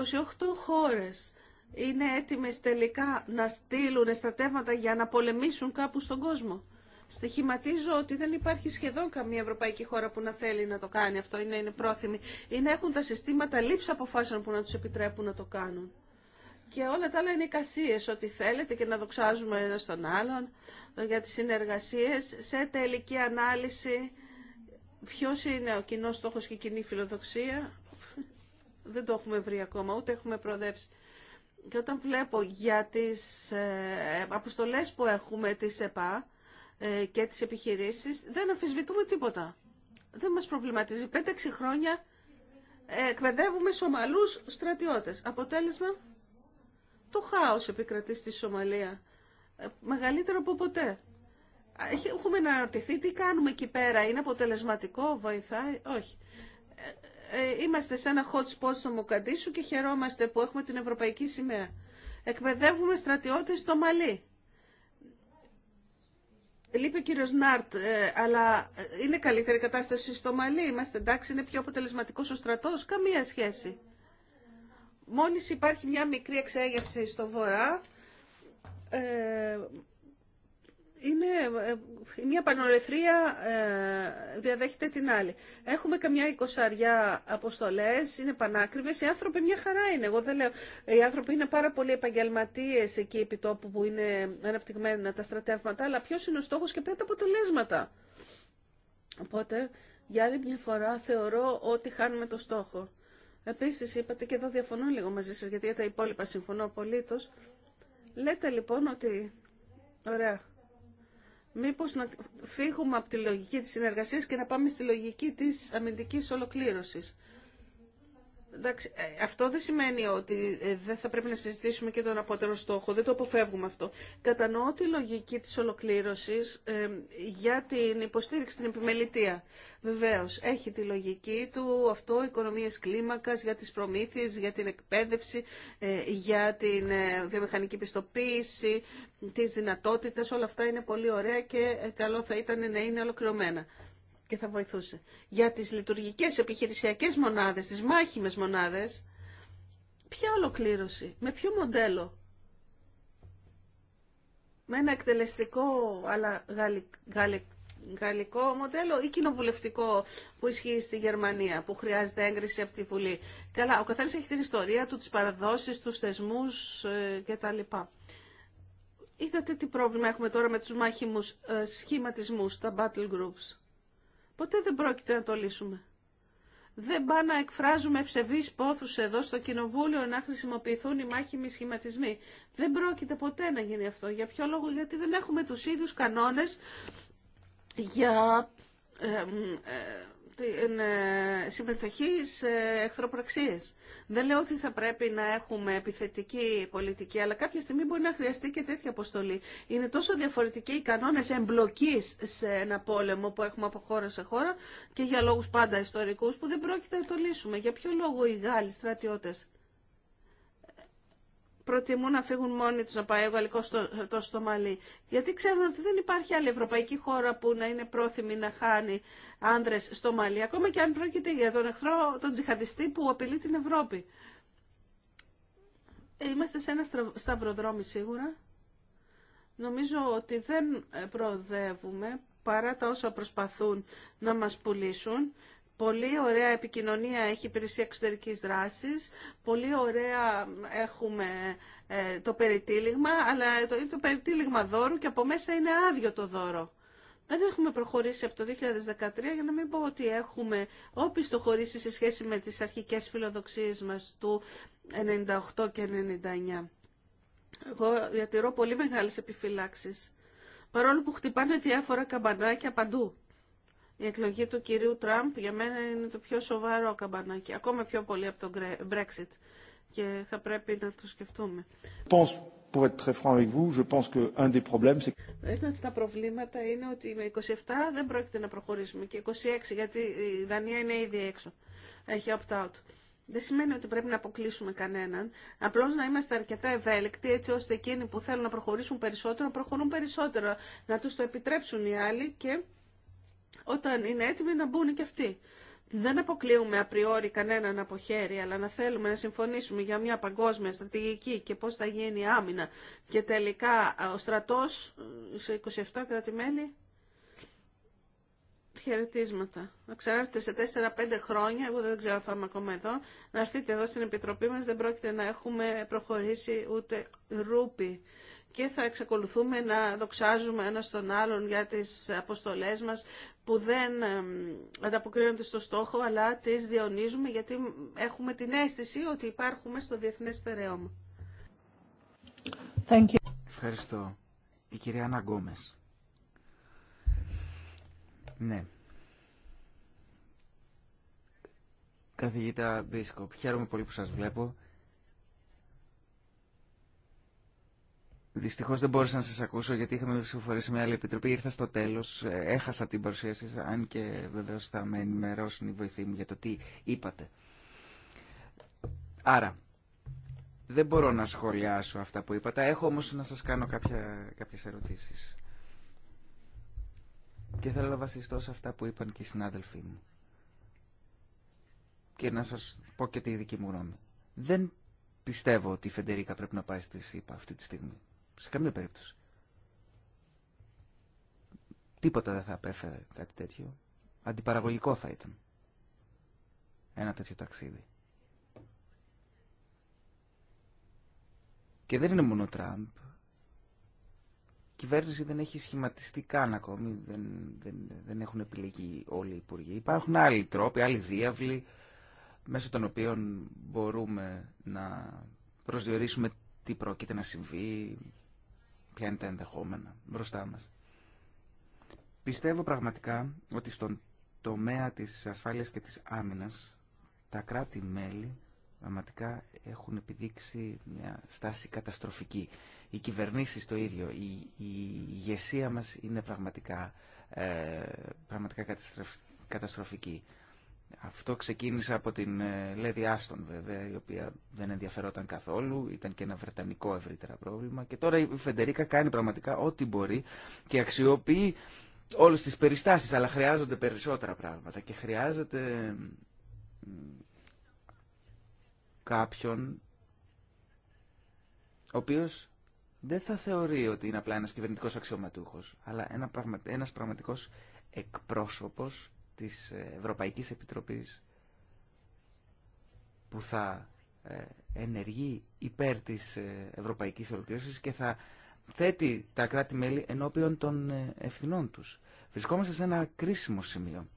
χώρες είναι έτοιμε τελικά να στείλουν στρατεύματα για να πολεμήσουν κάπου στον κόσμο. Στοιχηματίζω ότι δεν υπάρχει σχεδόν καμία ευρωπαϊκή χώρα που να θέλει να το κάνει αυτό ή να είναι πρόθυμη ή να έχουν τα συστήματα λήψη αποφάσεων που να του επιτρέπουν να το κάνουν. Και όλα τα άλλα είναι εικασίε, ότι θέλετε και να δοξάζουμε ένα τον άλλον για τι συνεργασίε Σε τελική ανάλυση, Ποιο είναι ο κοινό στόχος και η κοινή φιλοδοξία, δεν το έχουμε βρει ακόμα, ούτε έχουμε προοδεύσει. Και όταν βλέπω για τις ε, αποστολές που έχουμε της ΕΠΑ ε, και τις επιχειρήσεις, δεν αμφισβητούμε τίποτα. Δεν μας προβληματίζει. Πέντε-έξι χρόνια ε, εκπαιδεύουμε Σομαλούς στρατιώτες. Αποτέλεσμα, το χάος επικρατεί στη Σομαλία. Μεγαλύτερο από ποτέ. Έχουμε να αναρωτηθεί τι κάνουμε εκεί πέρα. Είναι αποτελεσματικό, βοηθάει, όχι. Ε, είμαστε σε ένα hot spot στο Μοκαντήσου και χαιρόμαστε που έχουμε την Ευρωπαϊκή Σημαία. Εκπαιδεύουμε στρατιώτες στο Μαλί. Λείπει ο κύριο Νάρτ, ε, αλλά ε, είναι καλύτερη κατάσταση στο Μαλί. Είμαστε εντάξει, είναι πιο αποτελεσματικό ο στρατό. Καμία σχέση. Μόλι υπάρχει μια μικρή εξέγερση στο βορρά, ε, είναι ε, μια ε, διαδέχεται την άλλη. Έχουμε καμιά εικοσαριά αποστολές, είναι πανάκριβες. Οι άνθρωποι μια χαρά είναι. Εγώ δεν Οι άνθρωποι είναι πάρα πολλοί επαγγελματίες εκεί επί τόπου που είναι αναπτυγμένα τα στρατεύματα, αλλά ποιος είναι ο στόχος και ποια τα αποτελέσματα. Οπότε, για άλλη μια φορά θεωρώ ότι χάνουμε το στόχο. Επίσης είπατε και εδώ διαφωνώ λίγο μαζί σας, γιατί για τα υπόλοιπα συμφωνώ απολύτως. Λέτε λοιπόν ότι... Ωραία μήπως να φύγουμε από τη λογική της συνεργασίας και να πάμε στη λογική της αμυντικής ολοκλήρωσης. Εντάξει, ε, αυτό δεν σημαίνει ότι ε, δεν θα πρέπει να συζητήσουμε και τον απότερο στόχο, δεν το αποφεύγουμε αυτό. Κατανοώ τη λογική της ολοκλήρωσης ε, για την υποστήριξη, την επιμελητία. Βεβαίως, έχει τη λογική του αυτό, οικονομίε κλίμακας για τις προμήθειε, για την εκπαίδευση, ε, για την ε, βιομηχανική πιστοποίηση, τις δυνατότητες, όλα αυτά είναι πολύ ωραία και ε, καλό θα ήταν να είναι ολοκληρωμένα και θα βοηθούσε. Για τις λειτουργικές επιχειρησιακές μονάδες, τις μάχημε μονάδες, ποια ολοκλήρωση, με ποιο μοντέλο, με ένα εκτελεστικό αλλά γαλλικό γαλλικό μοντέλο ή κοινοβουλευτικό που ισχύει στη Γερμανία, που χρειάζεται έγκριση από τη Βουλή. Καλά, ο καθένας έχει την ιστορία του, τις παραδόσεις, τους θεσμούς ε, κτλ. Είδατε τι πρόβλημα έχουμε τώρα με του μάχημους ε, σχηματισμούς, τα battle groups. Ποτέ δεν πρόκειται να το λύσουμε. Δεν πάει να εκφράζουμε ευσεβεί πόθου εδώ στο Κοινοβούλιο να χρησιμοποιηθούν οι μάχημοι σχηματισμοί. Δεν πρόκειται ποτέ να γίνει αυτό. Για ποιο λόγο, γιατί δεν έχουμε του ίδιου κανόνε για ε, την ε, συμμετοχή σε εχθροπραξίες. Δεν λέω ότι θα πρέπει να έχουμε επιθετική πολιτική, αλλά κάποια στιγμή μπορεί να χρειαστεί και τέτοια αποστολή. Είναι τόσο διαφορετικοί οι κανόνες εμπλοκής σε ένα πόλεμο που έχουμε από χώρα σε χώρα και για λόγους πάντα ιστορικούς που δεν πρόκειται να το λύσουμε. Για ποιο λόγο οι Γάλλοι στρατιώτες προτιμούν να φύγουν μόνοι τους να πάει ο Γαλλικός στο, το στο Μαλί. Γιατί ξέρουν ότι δεν υπάρχει άλλη ευρωπαϊκή χώρα που να είναι πρόθυμη να χάνει άνδρες στο Μαλί, ακόμα και αν πρόκειται για τον εχθρό, τον τζιχαντιστή που απειλεί την Ευρώπη. Ε, είμαστε σε ένα σταυροδρόμι σίγουρα. Νομίζω ότι δεν ε, προοδεύουμε παρά τα όσα προσπαθούν να μας πουλήσουν Πολύ ωραία επικοινωνία έχει η υπηρεσία εξωτερική δράση. Πολύ ωραία έχουμε ε, το περιτύλιγμα, αλλά το, είναι το περιτύλιγμα δώρου και από μέσα είναι άδειο το δώρο. Δεν έχουμε προχωρήσει από το 2013 για να μην πω ότι έχουμε όπιστο χωρίσει σε σχέση με τις αρχικές φιλοδοξίες μας του 98 και 99. Εγώ διατηρώ πολύ μεγάλες επιφυλάξεις. Παρόλο που χτυπάνε διάφορα καμπανάκια παντού. Η εκλογή του κυρίου Τραμπ για μένα είναι το πιο σοβαρό καμπανάκι, ακόμα πιο πολύ από τον Brexit και θα πρέπει να το σκεφτούμε. Ένα από τα προβλήματα είναι ότι με 27 δεν πρόκειται να προχωρήσουμε και 26 γιατί η Δανία είναι ήδη έξω. Έχει opt-out. Δεν σημαίνει ότι πρέπει να αποκλείσουμε κανέναν. Απλώ να είμαστε αρκετά ευέλικτοι έτσι ώστε εκείνοι που θέλουν να προχωρήσουν περισσότερο να προχωρούν περισσότερο. Να του το επιτρέψουν οι άλλοι και όταν είναι έτοιμοι να μπουν και αυτοί. Δεν αποκλείουμε απριόρι κανέναν από χέρι, αλλά να θέλουμε να συμφωνήσουμε για μια παγκόσμια στρατηγική και πώς θα γίνει η άμυνα. Και τελικά ο στρατός ε, σε 27 κράτη-μέλη, χαιρετίσματα. Να ξέρετε, σε 4-5 χρόνια, εγώ δεν ξέρω θα είμαι ακόμα εδώ, να έρθετε εδώ στην Επιτροπή μας, δεν πρόκειται να έχουμε προχωρήσει ούτε ρούπι και θα εξακολουθούμε να δοξάζουμε ένα τον άλλον για τις αποστολές μας που δεν ανταποκρίνονται στο στόχο, αλλά τις διονίζουμε γιατί έχουμε την αίσθηση ότι υπάρχουμε στο διεθνές στερεώμα. Ευχαριστώ. Η κυρία Άννα Ναι. Καθηγήτα Μπίσκοπ, χαίρομαι πολύ που σας βλέπω. Δυστυχώ δεν μπόρεσα να σα ακούσω γιατί είχαμε ψηφοφορία σε μια άλλη επιτροπή. Ήρθα στο τέλο, ε, έχασα την παρουσίαση, αν και βεβαίω θα με ενημερώσουν οι βοηθοί μου για το τι είπατε. Άρα, δεν μπορώ να σχολιάσω αυτά που είπατε. Έχω όμω να σα κάνω κάποιε ερωτήσει. Και θέλω να βασιστώ σε αυτά που είπαν και οι συνάδελφοί μου. Και να σα πω και τη δική μου γνώμη. Δεν πιστεύω ότι η Φεντερίκα πρέπει να πάει στη ΣΥΠΑ αυτή τη στιγμή σε καμία περίπτωση. Τίποτα δεν θα απέφερε κάτι τέτοιο. Αντιπαραγωγικό θα ήταν. Ένα τέτοιο ταξίδι. Και δεν είναι μόνο ο Τραμπ. Η κυβέρνηση δεν έχει σχηματιστεί καν ακόμη. Δεν, δεν, δεν έχουν επιλεγεί όλοι οι υπουργοί. Υπάρχουν άλλοι τρόποι, άλλοι διάβλοι μέσω των οποίων μπορούμε να προσδιορίσουμε τι πρόκειται να συμβεί, ποια είναι τα ενδεχόμενα μπροστά μας. Πιστεύω πραγματικά ότι στον τομέα της ασφάλειας και της άμυνας τα κράτη-μέλη πραγματικά έχουν επιδείξει μια στάση καταστροφική. Οι κυβερνήσεις το ίδιο, η, η ηγεσία μας είναι πραγματικά, ε, πραγματικά καταστροφική. Αυτό ξεκίνησε από την Λέδη ε, Άστον βέβαια, η οποία δεν ενδιαφερόταν καθόλου, ήταν και ένα βρετανικό ευρύτερα πρόβλημα και τώρα η Φεντερίκα κάνει πραγματικά ό,τι μπορεί και αξιοποιεί όλες τις περιστάσεις, αλλά χρειάζονται περισσότερα πράγματα και χρειάζεται κάποιον ο οποίος δεν θα θεωρεί ότι είναι απλά ένας κυβερνητικός αξιωματούχος, αλλά ένα ένας πραγματικός εκπρόσωπος της Ευρωπαϊκής Επιτροπής που θα ε, ενεργεί υπέρ της ε, ευρωπαϊκής ολοκλήρωσης και θα θέτει τα κράτη-μέλη ενώπιον των ε, ευθυνών τους. Βρισκόμαστε σε ένα κρίσιμο σημείο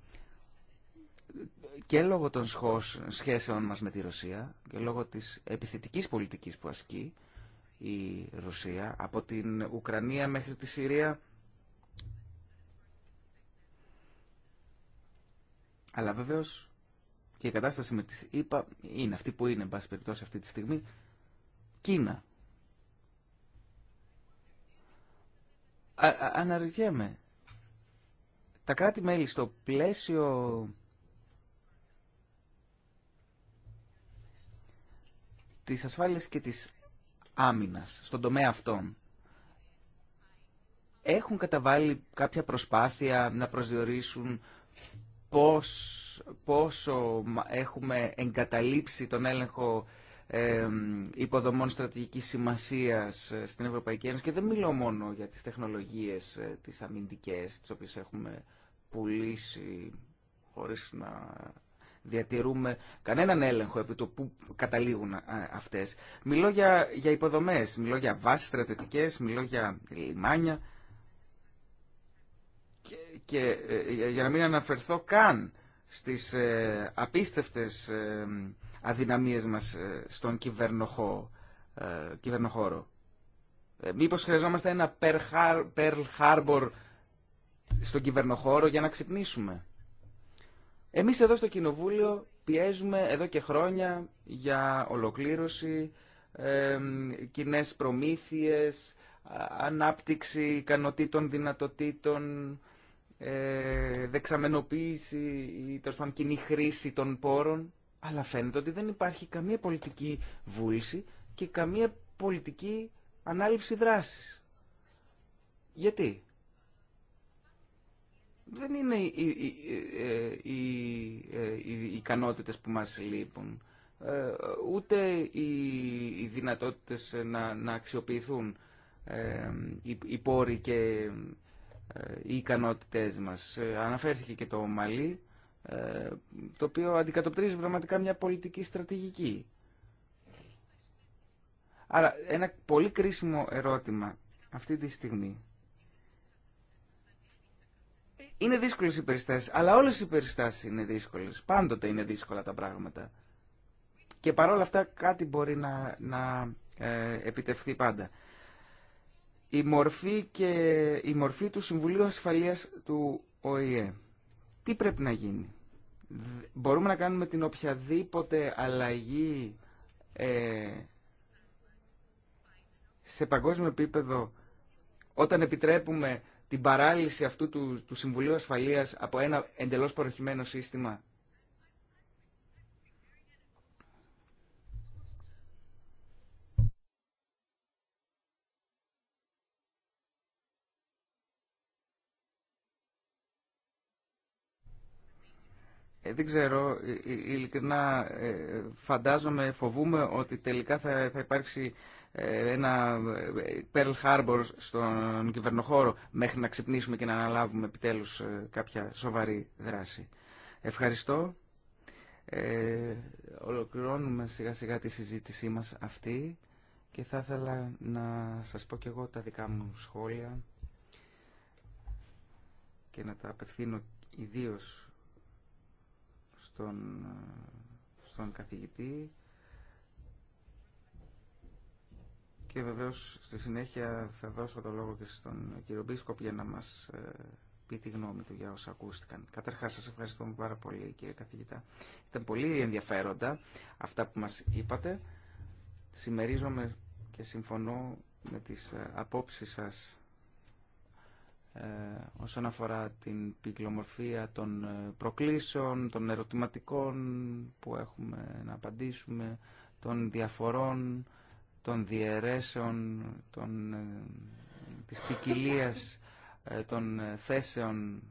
και λόγω των σχέσεων μας με τη Ρωσία και λόγω της επιθετικής πολιτικής που ασκεί η Ρωσία από την Ουκρανία μέχρι τη Συρία Αλλά βεβαίω, και η κατάσταση με τις ΗΠΑ είναι αυτή που είναι, εν πάση περιπτώσει, αυτή τη στιγμή. Κίνα. αναρωτιέμαι. Τα κράτη-μέλη στο πλαίσιο της ασφάλειας και της άμυνας, στον τομέα αυτών, έχουν καταβάλει κάποια προσπάθεια να προσδιορίσουν πώς, πόσο έχουμε εγκαταλείψει τον έλεγχο ε, υποδομών στρατηγικής σημασίας ε, στην Ευρωπαϊκή Ένωση και δεν μιλώ μόνο για τις τεχνολογίες ε, τις αμυντικές τις οποίες έχουμε πουλήσει χωρίς να διατηρούμε κανέναν έλεγχο επί το που καταλήγουν ε, αυτές. Μιλώ για, για υποδομές, μιλώ για βάσεις στρατιωτικές, μιλώ για λιμάνια και, ε, για να μην αναφερθώ καν στις ε, απίστευτες ε, αδυναμίες μας ε, στον κυβερνοχώ, κυβερνοχώρο. Μήπως χρειαζόμαστε ένα Pearl Harbor στον κυβερνοχώρο για να ξυπνήσουμε. Εμείς εδώ στο Κοινοβούλιο πιέζουμε εδώ και χρόνια για ολοκλήρωση, κοινέ προμήθειες, ανάπτυξη ικανοτήτων, δυνατοτήτων, ε, δεξαμενοποίηση ή τέλο πάντων κοινή χρήση των πόρων. Αλλά φαίνεται ότι δεν υπάρχει καμία πολιτική βούληση και καμία πολιτική ανάληψη δράσης. Γιατί? Δεν είναι οι, οι, ε, ε, ικανότητες που μας λείπουν, ε, ούτε οι δυνατότητες να, να αξιοποιηθούν οι πόροι και ε, οι ικανότητές μας. Ε, αναφέρθηκε και το Μαλί, ε, το οποίο αντικατοπτρίζει πραγματικά μια πολιτική στρατηγική. Άρα ένα πολύ κρίσιμο ερώτημα αυτή τη στιγμή. Είναι δύσκολες οι περιστάσεις, αλλά όλες οι περιστάσεις είναι δύσκολες. Πάντοτε είναι δύσκολα τα πράγματα. Και παρόλα αυτά κάτι μπορεί να, να επιτευχθεί πάντα η μορφή, και, η μορφή του Συμβουλίου Ασφαλείας του ΟΗΕ. Τι πρέπει να γίνει. Μπορούμε να κάνουμε την οποιαδήποτε αλλαγή ε, σε παγκόσμιο επίπεδο όταν επιτρέπουμε την παράλυση αυτού του, του Συμβουλίου Ασφαλείας από ένα εντελώς παροχημένο σύστημα. δεν ξέρω, ε, ε, ειλικρινά ε, φαντάζομαι, φοβούμε ότι τελικά θα, θα υπάρξει ένα Pearl Harbor στον κυβερνοχώρο μέχρι να ξυπνήσουμε και να αναλάβουμε επιτέλους κάποια σοβαρή δράση. Ευχαριστώ. Ε, ολοκληρώνουμε σιγά σιγά τη συζήτησή μας αυτή και θα ήθελα να σας πω και εγώ τα δικά μου σχόλια και να τα απευθύνω ιδίως στον, στον καθηγητή και βεβαίως στη συνέχεια θα δώσω το λόγο και στον κύριο Μπίσκοπ για να μας ε, πει τη γνώμη του για όσα ακούστηκαν. Καταρχάς σας ευχαριστούμε πάρα πολύ κύριε καθηγητά. Ήταν πολύ ενδιαφέροντα αυτά που μας είπατε. Συμμερίζομαι και συμφωνώ με τις ε, απόψεις σας ε, όσον αφορά την πυκλομορφία των ε, προκλήσεων, των ερωτηματικών που έχουμε να απαντήσουμε, των διαφορών, των διαιρέσεων, των, ε, της ποικιλία των θέσεων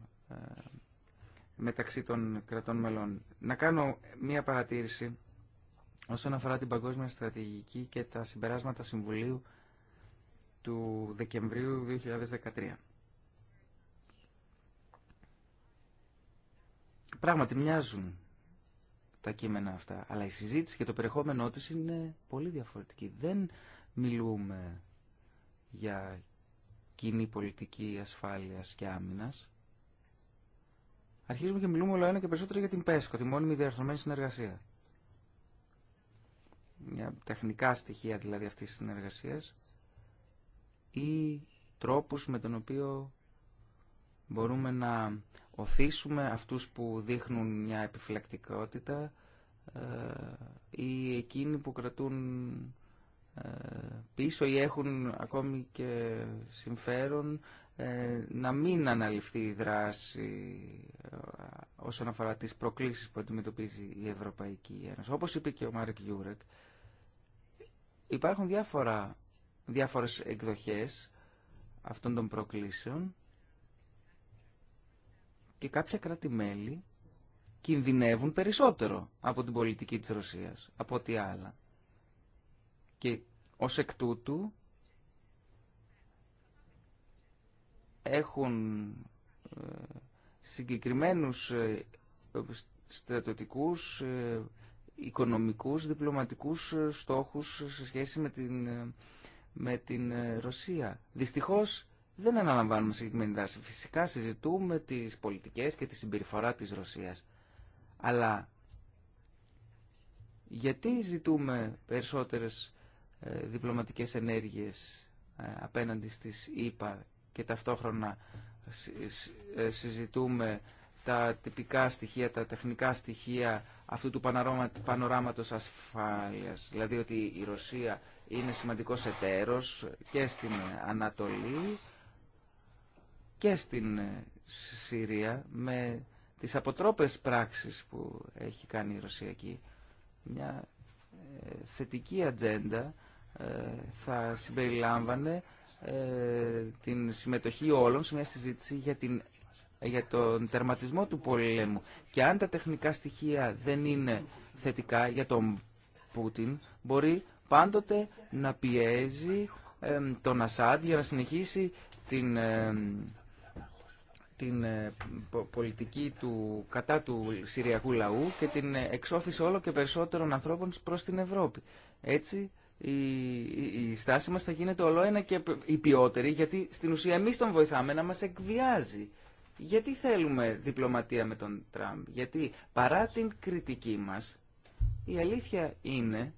μεταξύ των κρατών μελών. Να κάνω μία παρατήρηση όσον αφορά την παγκόσμια στρατηγική και τα συμπεράσματα Συμβουλίου του Δεκεμβρίου 2013. Πράγματι μοιάζουν τα κείμενα αυτά, αλλά η συζήτηση και το περιεχόμενό της είναι πολύ διαφορετική. Δεν μιλούμε για κοινή πολιτική ασφάλειας και άμυνας. Αρχίζουμε και μιλούμε όλο ένα και περισσότερο για την ΠΕΣΚΟ, τη μόνιμη διαρθρωμένη συνεργασία. Μια τεχνικά στοιχεία δηλαδή αυτής της συνεργασίας ή τρόπους με τον οποίο μπορούμε να οθήσουμε αυτούς που δείχνουν μια επιφυλακτικότητα ε, ή εκείνοι που κρατούν ε, πίσω ή έχουν ακόμη και συμφέρον ε, να μην αναλυφθεί η δράση όσον αφορά τις προκλήσεις που αντιμετωπίζει η Ευρωπαϊκή Ένωση. Όπως είπε και ο Μάρκ Γιούρεκ, υπάρχουν διάφορα, διάφορες εκδοχές αυτών των προκλήσεων και κάποια κράτη-μέλη κινδυνεύουν περισσότερο από την πολιτική της Ρωσίας, από ό,τι άλλα. Και ως εκ τούτου έχουν ε, συγκεκριμένους ε, στρατιωτικούς, ε, οικονομικούς, διπλωματικούς στόχους σε σχέση με την, με την Ρωσία. Δυστυχώς δεν αναλαμβάνουμε συγκεκριμένη δράση. Φυσικά συζητούμε τις πολιτικές και τη συμπεριφορά της Ρωσίας. Αλλά γιατί ζητούμε περισσότερες ε, διπλωματικές ενέργειες ε, απέναντι στις ΗΠΑ και ταυτόχρονα ε, συζητούμε τα τυπικά στοιχεία, τα τεχνικά στοιχεία αυτού του πανοράματος ασφάλειας. Δηλαδή ότι η Ρωσία είναι σημαντικός εταίρος και στην Ανατολή και στην ε, Συρία με τις αποτρόπες πράξεις που έχει κάνει η Ρωσία εκεί. Μια ε, θετική ατζέντα ε, θα συμπεριλάμβανε την συμμετοχή όλων σε μια συζήτηση για, την, τον τερματισμό του πολέμου. Και αν τα τεχνικά στοιχεία δεν είναι θετικά για τον Πούτιν, μπορεί πάντοτε να πιέζει τον Ασάντ για να συνεχίσει την την ε, πολιτική του, κατά του Συριακού λαού και την ε, εξώθηση όλο και περισσότερων ανθρώπων προς την Ευρώπη. Έτσι η, στάση μας θα γίνεται όλο ένα και υπιότερη γιατί στην ουσία εμείς τον βοηθάμε να μας εκβιάζει. Γιατί θέλουμε διπλωματία με τον Τραμπ. Γιατί παρά την κριτική μας η αλήθεια είναι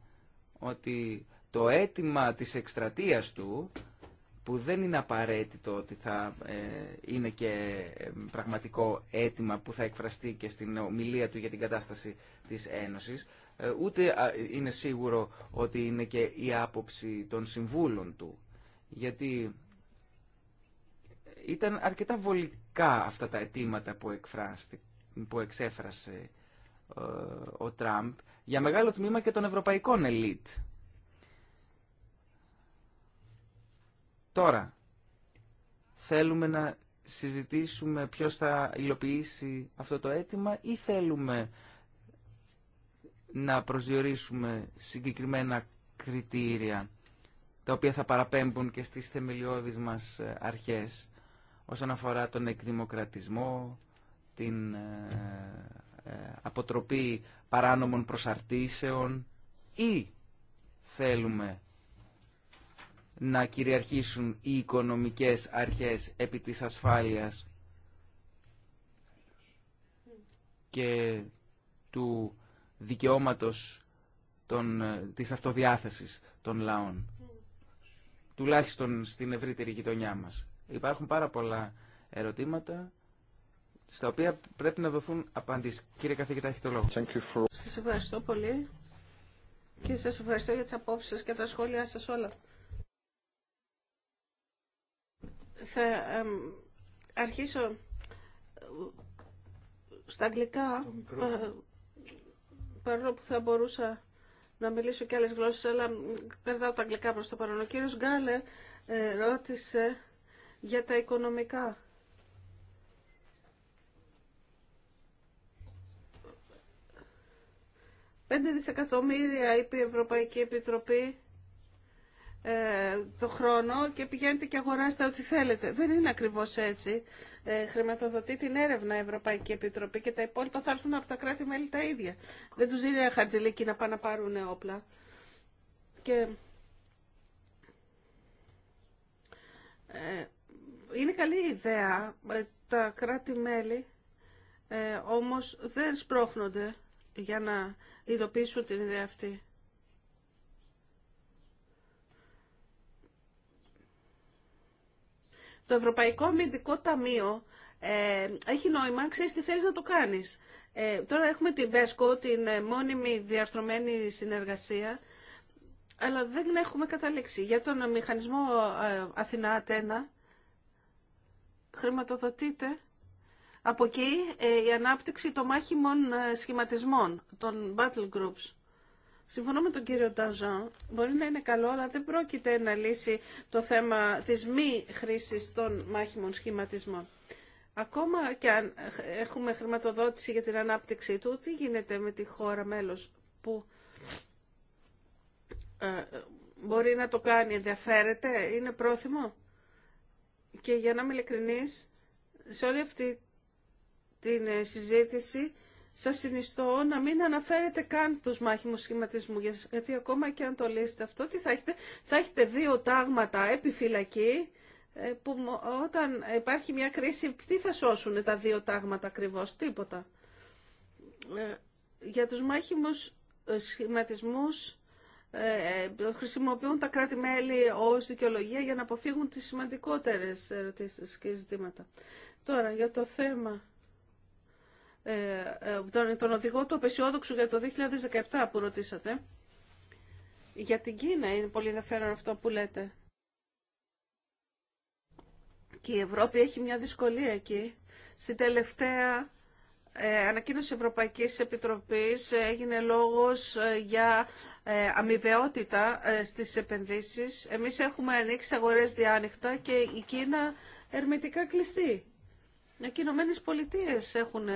ότι το αίτημα της εκστρατείας του που δεν είναι απαραίτητο ότι θα ε, είναι και ε, πραγματικό αίτημα που θα εκφραστεί και στην ομιλία του για την κατάσταση της Ένωσης, ε, ούτε είναι σίγουρο ότι είναι και η άποψη των συμβούλων του. Γιατί ήταν αρκετά βολικά αυτά τα αιτήματα που, εκφράστη, που εξέφρασε ο Τραμπ για μεγάλο τμήμα και των ευρωπαϊκών ελίτ Τώρα, θέλουμε να συζητήσουμε ποιος θα υλοποιήσει αυτό το αίτημα ή θέλουμε να προσδιορίσουμε συγκεκριμένα κριτήρια τα οποία θα παραπέμπουν και στις θεμελιώδεις μας ε, αρχές όσον αφορά τον εκδημοκρατισμό, την ε, ε, αποτροπή παράνομων προσαρτήσεων ή θέλουμε να κυριαρχήσουν οι οικονομικές αρχές επί της ασφάλειας και του δικαιώματος των, της αυτοδιάθεσης των λαών, τουλάχιστον στην ευρύτερη γειτονιά μας. Υπάρχουν πάρα πολλά ερωτήματα στα οποία πρέπει να δοθούν απαντήσεις. Κύριε καθηγητά, έχει το λόγο. Σας ευχαριστώ πολύ και σας ευχαριστώ για τις απόψεις και τα σχόλιά σας όλα. Θα αρχίσω ε, στα αγγλικά, ε, παρόλο που θα μπορούσα να μιλήσω και άλλες γλώσσες, αλλά περνάω τα αγγλικά προς το παρόν. Ο κύριος ε, ρώτησε για τα οικονομικά. Πέντε δισεκατομμύρια είπε η Ευρωπαϊκή Επιτροπή ε, το χρόνο και πηγαίνετε και αγοράστε ό,τι θέλετε. Δεν είναι ακριβώς έτσι. Ε, χρηματοδοτεί την έρευνα η Ευρωπαϊκή Επιτροπή και τα υπόλοιπα θα έρθουν από τα κράτη-μέλη τα ίδια. Δεν τους δίνει χαρτζηλίκι να πάνε να πάρουν όπλα. Και... Ε, είναι καλή ιδέα ε, τα κράτη-μέλη, ε, όμως δεν σπρώχνονται για να υλοποιήσουν την ιδέα αυτή. Το Ευρωπαϊκό Αμυντικό Ταμείο ε, έχει νόημα, ξέρει τι θέλει να το κάνεις. Ε, τώρα έχουμε την ΒΕΣΚΟ, την ε, μόνιμη διαρθρωμένη συνεργασία, αλλά δεν έχουμε καταλήξει. Για τον μηχανισμό ε, Αθηνά Ατένα χρηματοδοτείται από εκεί η ανάπτυξη των μάχημων σχηματισμών, των battle groups. Συμφωνώ με τον κύριο Ταζάν. Μπορεί να είναι καλό, αλλά δεν πρόκειται να λύσει το θέμα της μη χρήσης των μάχημων σχηματισμών. Ακόμα και αν έχουμε χρηματοδότηση για την ανάπτυξη του, τι γίνεται με τη χώρα μέλος που ε, μπορεί να το κάνει, ενδιαφέρεται, είναι πρόθυμο. Και για να είμαι σε όλη αυτή την ε, συζήτηση σα συνιστώ να μην αναφέρετε καν τους μάχημου σχηματισμού, γιατί ακόμα και αν το λύσετε αυτό, τι θα έχετε, θα έχετε δύο τάγματα επιφυλακή, ε, που όταν υπάρχει μια κρίση, τι θα σώσουν τα δύο τάγματα ακριβώ, τίποτα. Ε, για τους μάχημους ε, σχηματισμούς χρησιμοποιούν τα κράτη-μέλη ως δικαιολογία για να αποφύγουν τις σημαντικότερες ερωτήσεις και ζητήματα. Τώρα, για το θέμα ε, ε, τον οδηγό του απεσιόδοξου για το 2017 που ρωτήσατε. Για την Κίνα είναι πολύ ενδιαφέρον αυτό που λέτε. Και η Ευρώπη έχει μια δυσκολία εκεί. Στην τελευταία ε, ανακοίνωση Ευρωπαϊκής Επιτροπής ε, έγινε λόγος για ε, αμοιβαιότητα ε, στις επενδύσεις. Εμείς έχουμε ανοίξει αγορές διάνοιχτα και η Κίνα ερμητικά κλειστή. Οι πολιτείε έχουν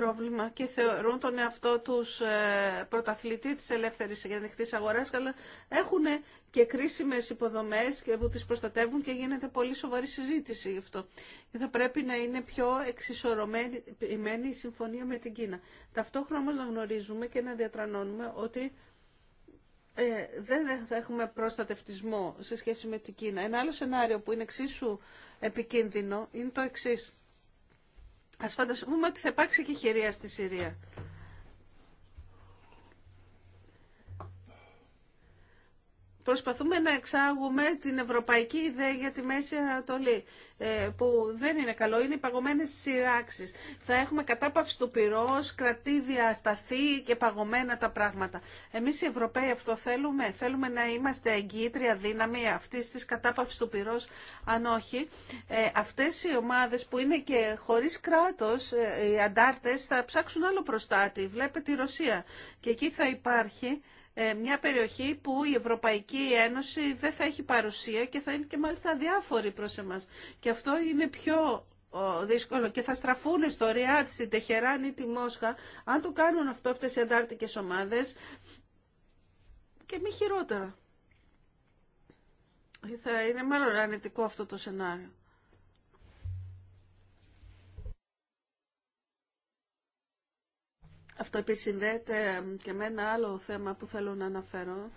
πρόβλημα και θεωρούν τον εαυτό τους ε, πρωταθλητή της ελεύθερης ανοιχτής αγοράς, αλλά έχουν και κρίσιμες υποδομές που τις προστατεύουν και γίνεται πολύ σοβαρή συζήτηση γι' αυτό. Και θα πρέπει να είναι πιο εξισορρομένη η συμφωνία με την Κίνα. Ταυτόχρονα όμως να γνωρίζουμε και να διατρανώνουμε ότι ε, δεν θα έχουμε προστατευτισμό σε σχέση με την Κίνα. Ένα άλλο σενάριο που είναι εξίσου επικίνδυνο είναι το εξής Ας φανταστούμε ότι θα υπάρξει και χειρία στη Συρία. προσπαθούμε να εξάγουμε την ευρωπαϊκή ιδέα για τη Μέση Ανατολή, ε, που δεν είναι καλό, είναι οι παγωμένες σειράξει. Θα έχουμε κατάπαυση του πυρό, κρατήδια σταθή και παγωμένα τα πράγματα. Εμείς οι Ευρωπαίοι αυτό θέλουμε, θέλουμε να είμαστε εγγύητρια δύναμη αυτή της κατάπαυση του πυρός, αν όχι. Ε, αυτές οι ομάδες που είναι και χωρίς κράτος, ε, οι αντάρτες, θα ψάξουν άλλο προστάτη. Βλέπετε τη Ρωσία και εκεί θα υπάρχει ε, μια περιοχή που η Ευρωπαϊκή Ένωση δεν θα έχει παρουσία και θα είναι και μάλιστα διάφοροι προς εμάς. Και αυτό είναι πιο δύσκολο και θα στραφούν στο Ριάτ, στην Τεχεράνη ή τη Μόσχα αν το κάνουν αυτό αυτές οι αντάρτικες ομάδες και μη χειρότερα. Θα είναι μάλλον αρνητικό αυτό το σενάριο. Αυτό επίσης και με ένα άλλο θέμα που θέλω να αναφέρω.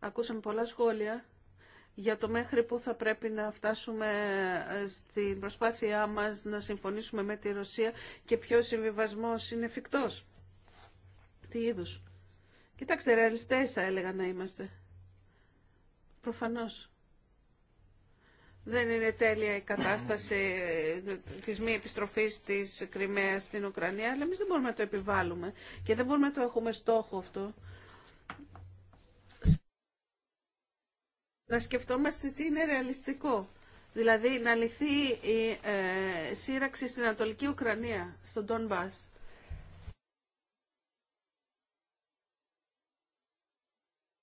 Ακούσαμε πολλά σχόλια για το μέχρι που θα πρέπει να φτάσουμε ε, στην προσπάθειά μας να συμφωνήσουμε με τη Ρωσία και ποιος συμβιβασμός είναι εφικτός. Τι είδους. Κοιτάξτε, ρεαλιστές θα έλεγα να είμαστε. Προφανώς δεν είναι τέλεια η κατάσταση της μη επιστροφής της Κρυμαίας στην Ουκρανία, αλλά εμεί δεν μπορούμε να το επιβάλλουμε και δεν μπορούμε να το έχουμε στόχο αυτό. Να σκεφτόμαστε τι είναι ρεαλιστικό. Δηλαδή να λυθεί η ε, σύραξη στην Ανατολική Ουκρανία, στον Τον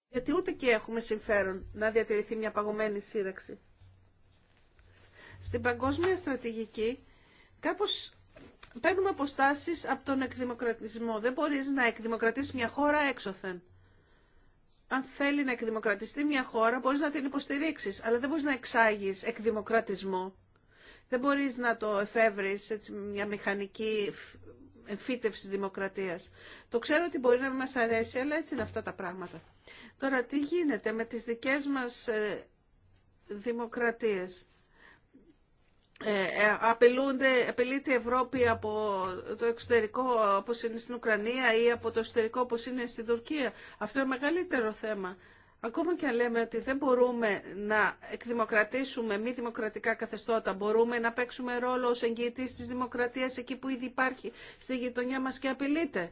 Γιατί ούτε και έχουμε συμφέρον να διατηρηθεί μια παγωμένη σύραξη στην παγκόσμια στρατηγική κάπως παίρνουμε αποστάσεις από τον εκδημοκρατισμό. Δεν μπορείς να εκδημοκρατήσεις μια χώρα έξωθεν. Αν θέλει να εκδημοκρατιστεί μια χώρα, μπορείς να την υποστηρίξεις, αλλά δεν μπορείς να εξάγεις εκδημοκρατισμό. Δεν μπορείς να το εφεύρεις έτσι, μια μηχανική εμφύτευση δημοκρατίας. Το ξέρω ότι μπορεί να μας αρέσει, αλλά έτσι είναι αυτά τα πράγματα. Τώρα, τι γίνεται με τις δικές μας ε, δημοκρατίες. Ε, ε, απελούνται, απειλείται η Ευρώπη από το εξωτερικό όπως είναι στην Ουκρανία ή από το εσωτερικό όπως είναι στην Τουρκία. Αυτό είναι μεγαλύτερο θέμα. Ακόμα και αν λέμε ότι δεν μπορούμε να εκδημοκρατήσουμε μη δημοκρατικά καθεστώτα, μπορούμε να παίξουμε ρόλο ως εγγυητής της δημοκρατίας εκεί που ήδη υπάρχει στη γειτονιά μας και απειλείται.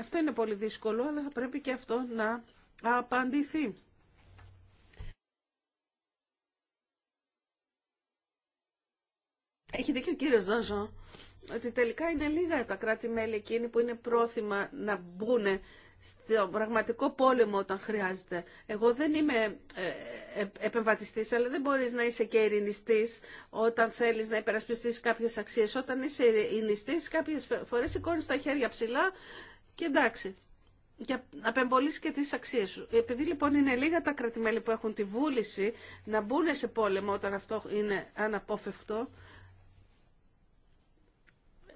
Αυτό είναι πολύ δύσκολο, αλλά θα πρέπει και αυτό να απαντηθεί. Έχει δίκιο ο κύριος Δόζο ότι τελικά είναι λίγα τα κράτη-μέλη εκείνοι που είναι πρόθυμα να μπουν στο πραγματικό πόλεμο όταν χρειάζεται. Εγώ δεν είμαι ε, ε, επεμβατιστής, αλλά δεν μπορείς να είσαι και ειρηνιστής όταν θέλεις να υπερασπιστείς κάποιες αξίες. Όταν είσαι ειρηνιστής κάποιες φορές σηκώνεις τα χέρια ψηλά και εντάξει. Και απεμπολίσει και τις αξίες σου. Επειδή λοιπόν είναι λίγα τα κρατημέλη που έχουν τη βούληση να μπουν σε πόλεμο όταν αυτό είναι αναπόφευκτο,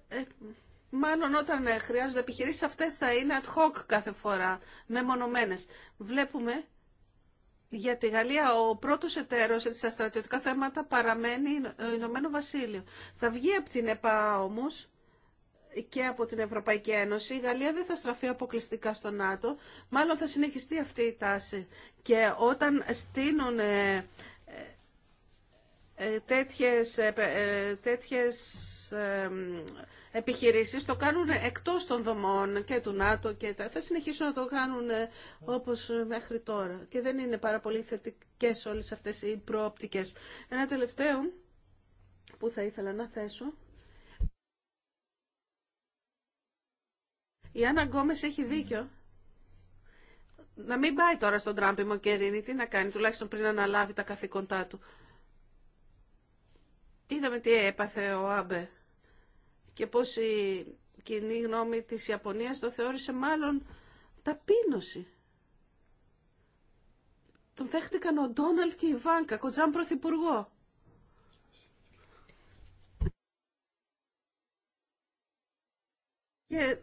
ε, μάλλον όταν ε, χρειάζονται επιχειρήσεις αυτές θα είναι ad hoc κάθε φορά, μεμονωμένε. Βλέπουμε για τη Γαλλία ο πρώτος εταίρος στα στρατιωτικά θέματα παραμένει ο ε, Ηνωμένο Βασίλειο. Θα βγει από την ΕΠΑ όμως και από την Ευρωπαϊκή Ένωση. Η Γαλλία δεν θα στραφεί αποκλειστικά στο ΝΑΤΟ. Μάλλον θα συνεχιστεί αυτή η τάση. Και όταν στείλουν ε, τέτοιες, ε, ε, τέτοιες επιχειρήσεις το κάνουν εκτός των δομών και του ΝΑΤΟ και τα, θα συνεχίσουν να το κάνουν όπως μέχρι τώρα και δεν είναι πάρα πολύ θετικές όλες αυτές οι προοπτικές. Ένα τελευταίο που θα ήθελα να θέσω. Η Άννα Γκόμες έχει δίκιο. Να μην πάει τώρα στον Τραμπ η Μοκερίνη, τι να κάνει, τουλάχιστον πριν αναλάβει τα καθήκοντά του. Είδαμε τι έπαθε ο Άμπε και πώς η κοινή γνώμη της Ιαπωνίας το θεώρησε μάλλον ταπείνωση. Τον δέχτηκαν ο Ντόναλτ και η Βάνκα, κοντζάν πρωθυπουργό. Και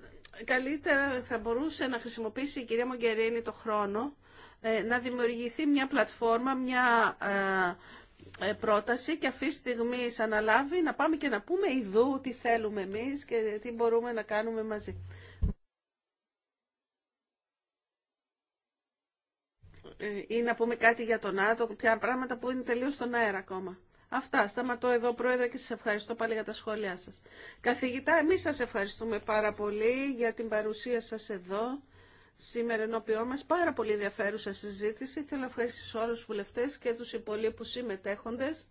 καλύτερα θα μπορούσε να χρησιμοποιήσει η κυρία Μογκερίνη το χρόνο ε, να δημιουργηθεί μια πλατφόρμα, μια ε, ε, πρόταση και αυτή τη στιγμή αναλάβει να πάμε και να πούμε ειδού τι θέλουμε εμείς και τι μπορούμε να κάνουμε μαζί. Ε, ή να πούμε κάτι για τον Άτο. πια πράγματα που είναι τελείως στον αέρα ακόμα. Αυτά. Σταματώ εδώ, Πρόεδρε, και σας ευχαριστώ πάλι για τα σχόλιά σας. Καθηγητά, εμείς σας ευχαριστούμε πάρα πολύ για την παρουσία σας εδώ σήμερα ενώπιό μας πάρα πολύ ενδιαφέρουσα συζήτηση. Θέλω να ευχαριστήσω όλους τους βουλευτές και τους υπολείπους συμμετέχοντες.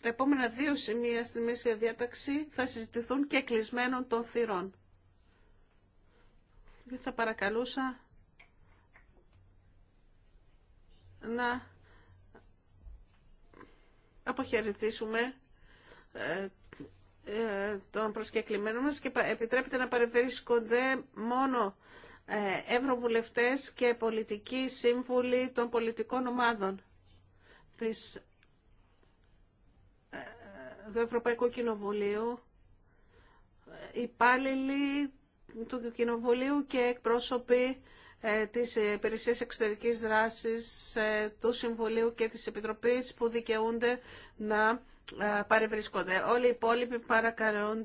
Τα επόμενα δύο σημεία στη μέση διάταξη θα συζητηθούν και κλεισμένων των θυρών. θα παρακαλούσα να αποχαιρετήσουμε ε, ε, των προσκεκλημένων μας και επιτρέπεται να παρευρίσκονται μόνο ε, ευρωβουλευτές και πολιτικοί σύμβουλοι των πολιτικών ομάδων της, ε, του Ευρωπαϊκού Κοινοβουλίου, υπάλληλοι του Κοινοβουλίου και εκπρόσωποι της Υπηρεσίας Εξωτερικής Δράσης, του Συμβουλίου και της Επιτροπής που δικαιούνται να ε, παρευρίσκονται. Όλοι οι υπόλοιποι παρακαλούν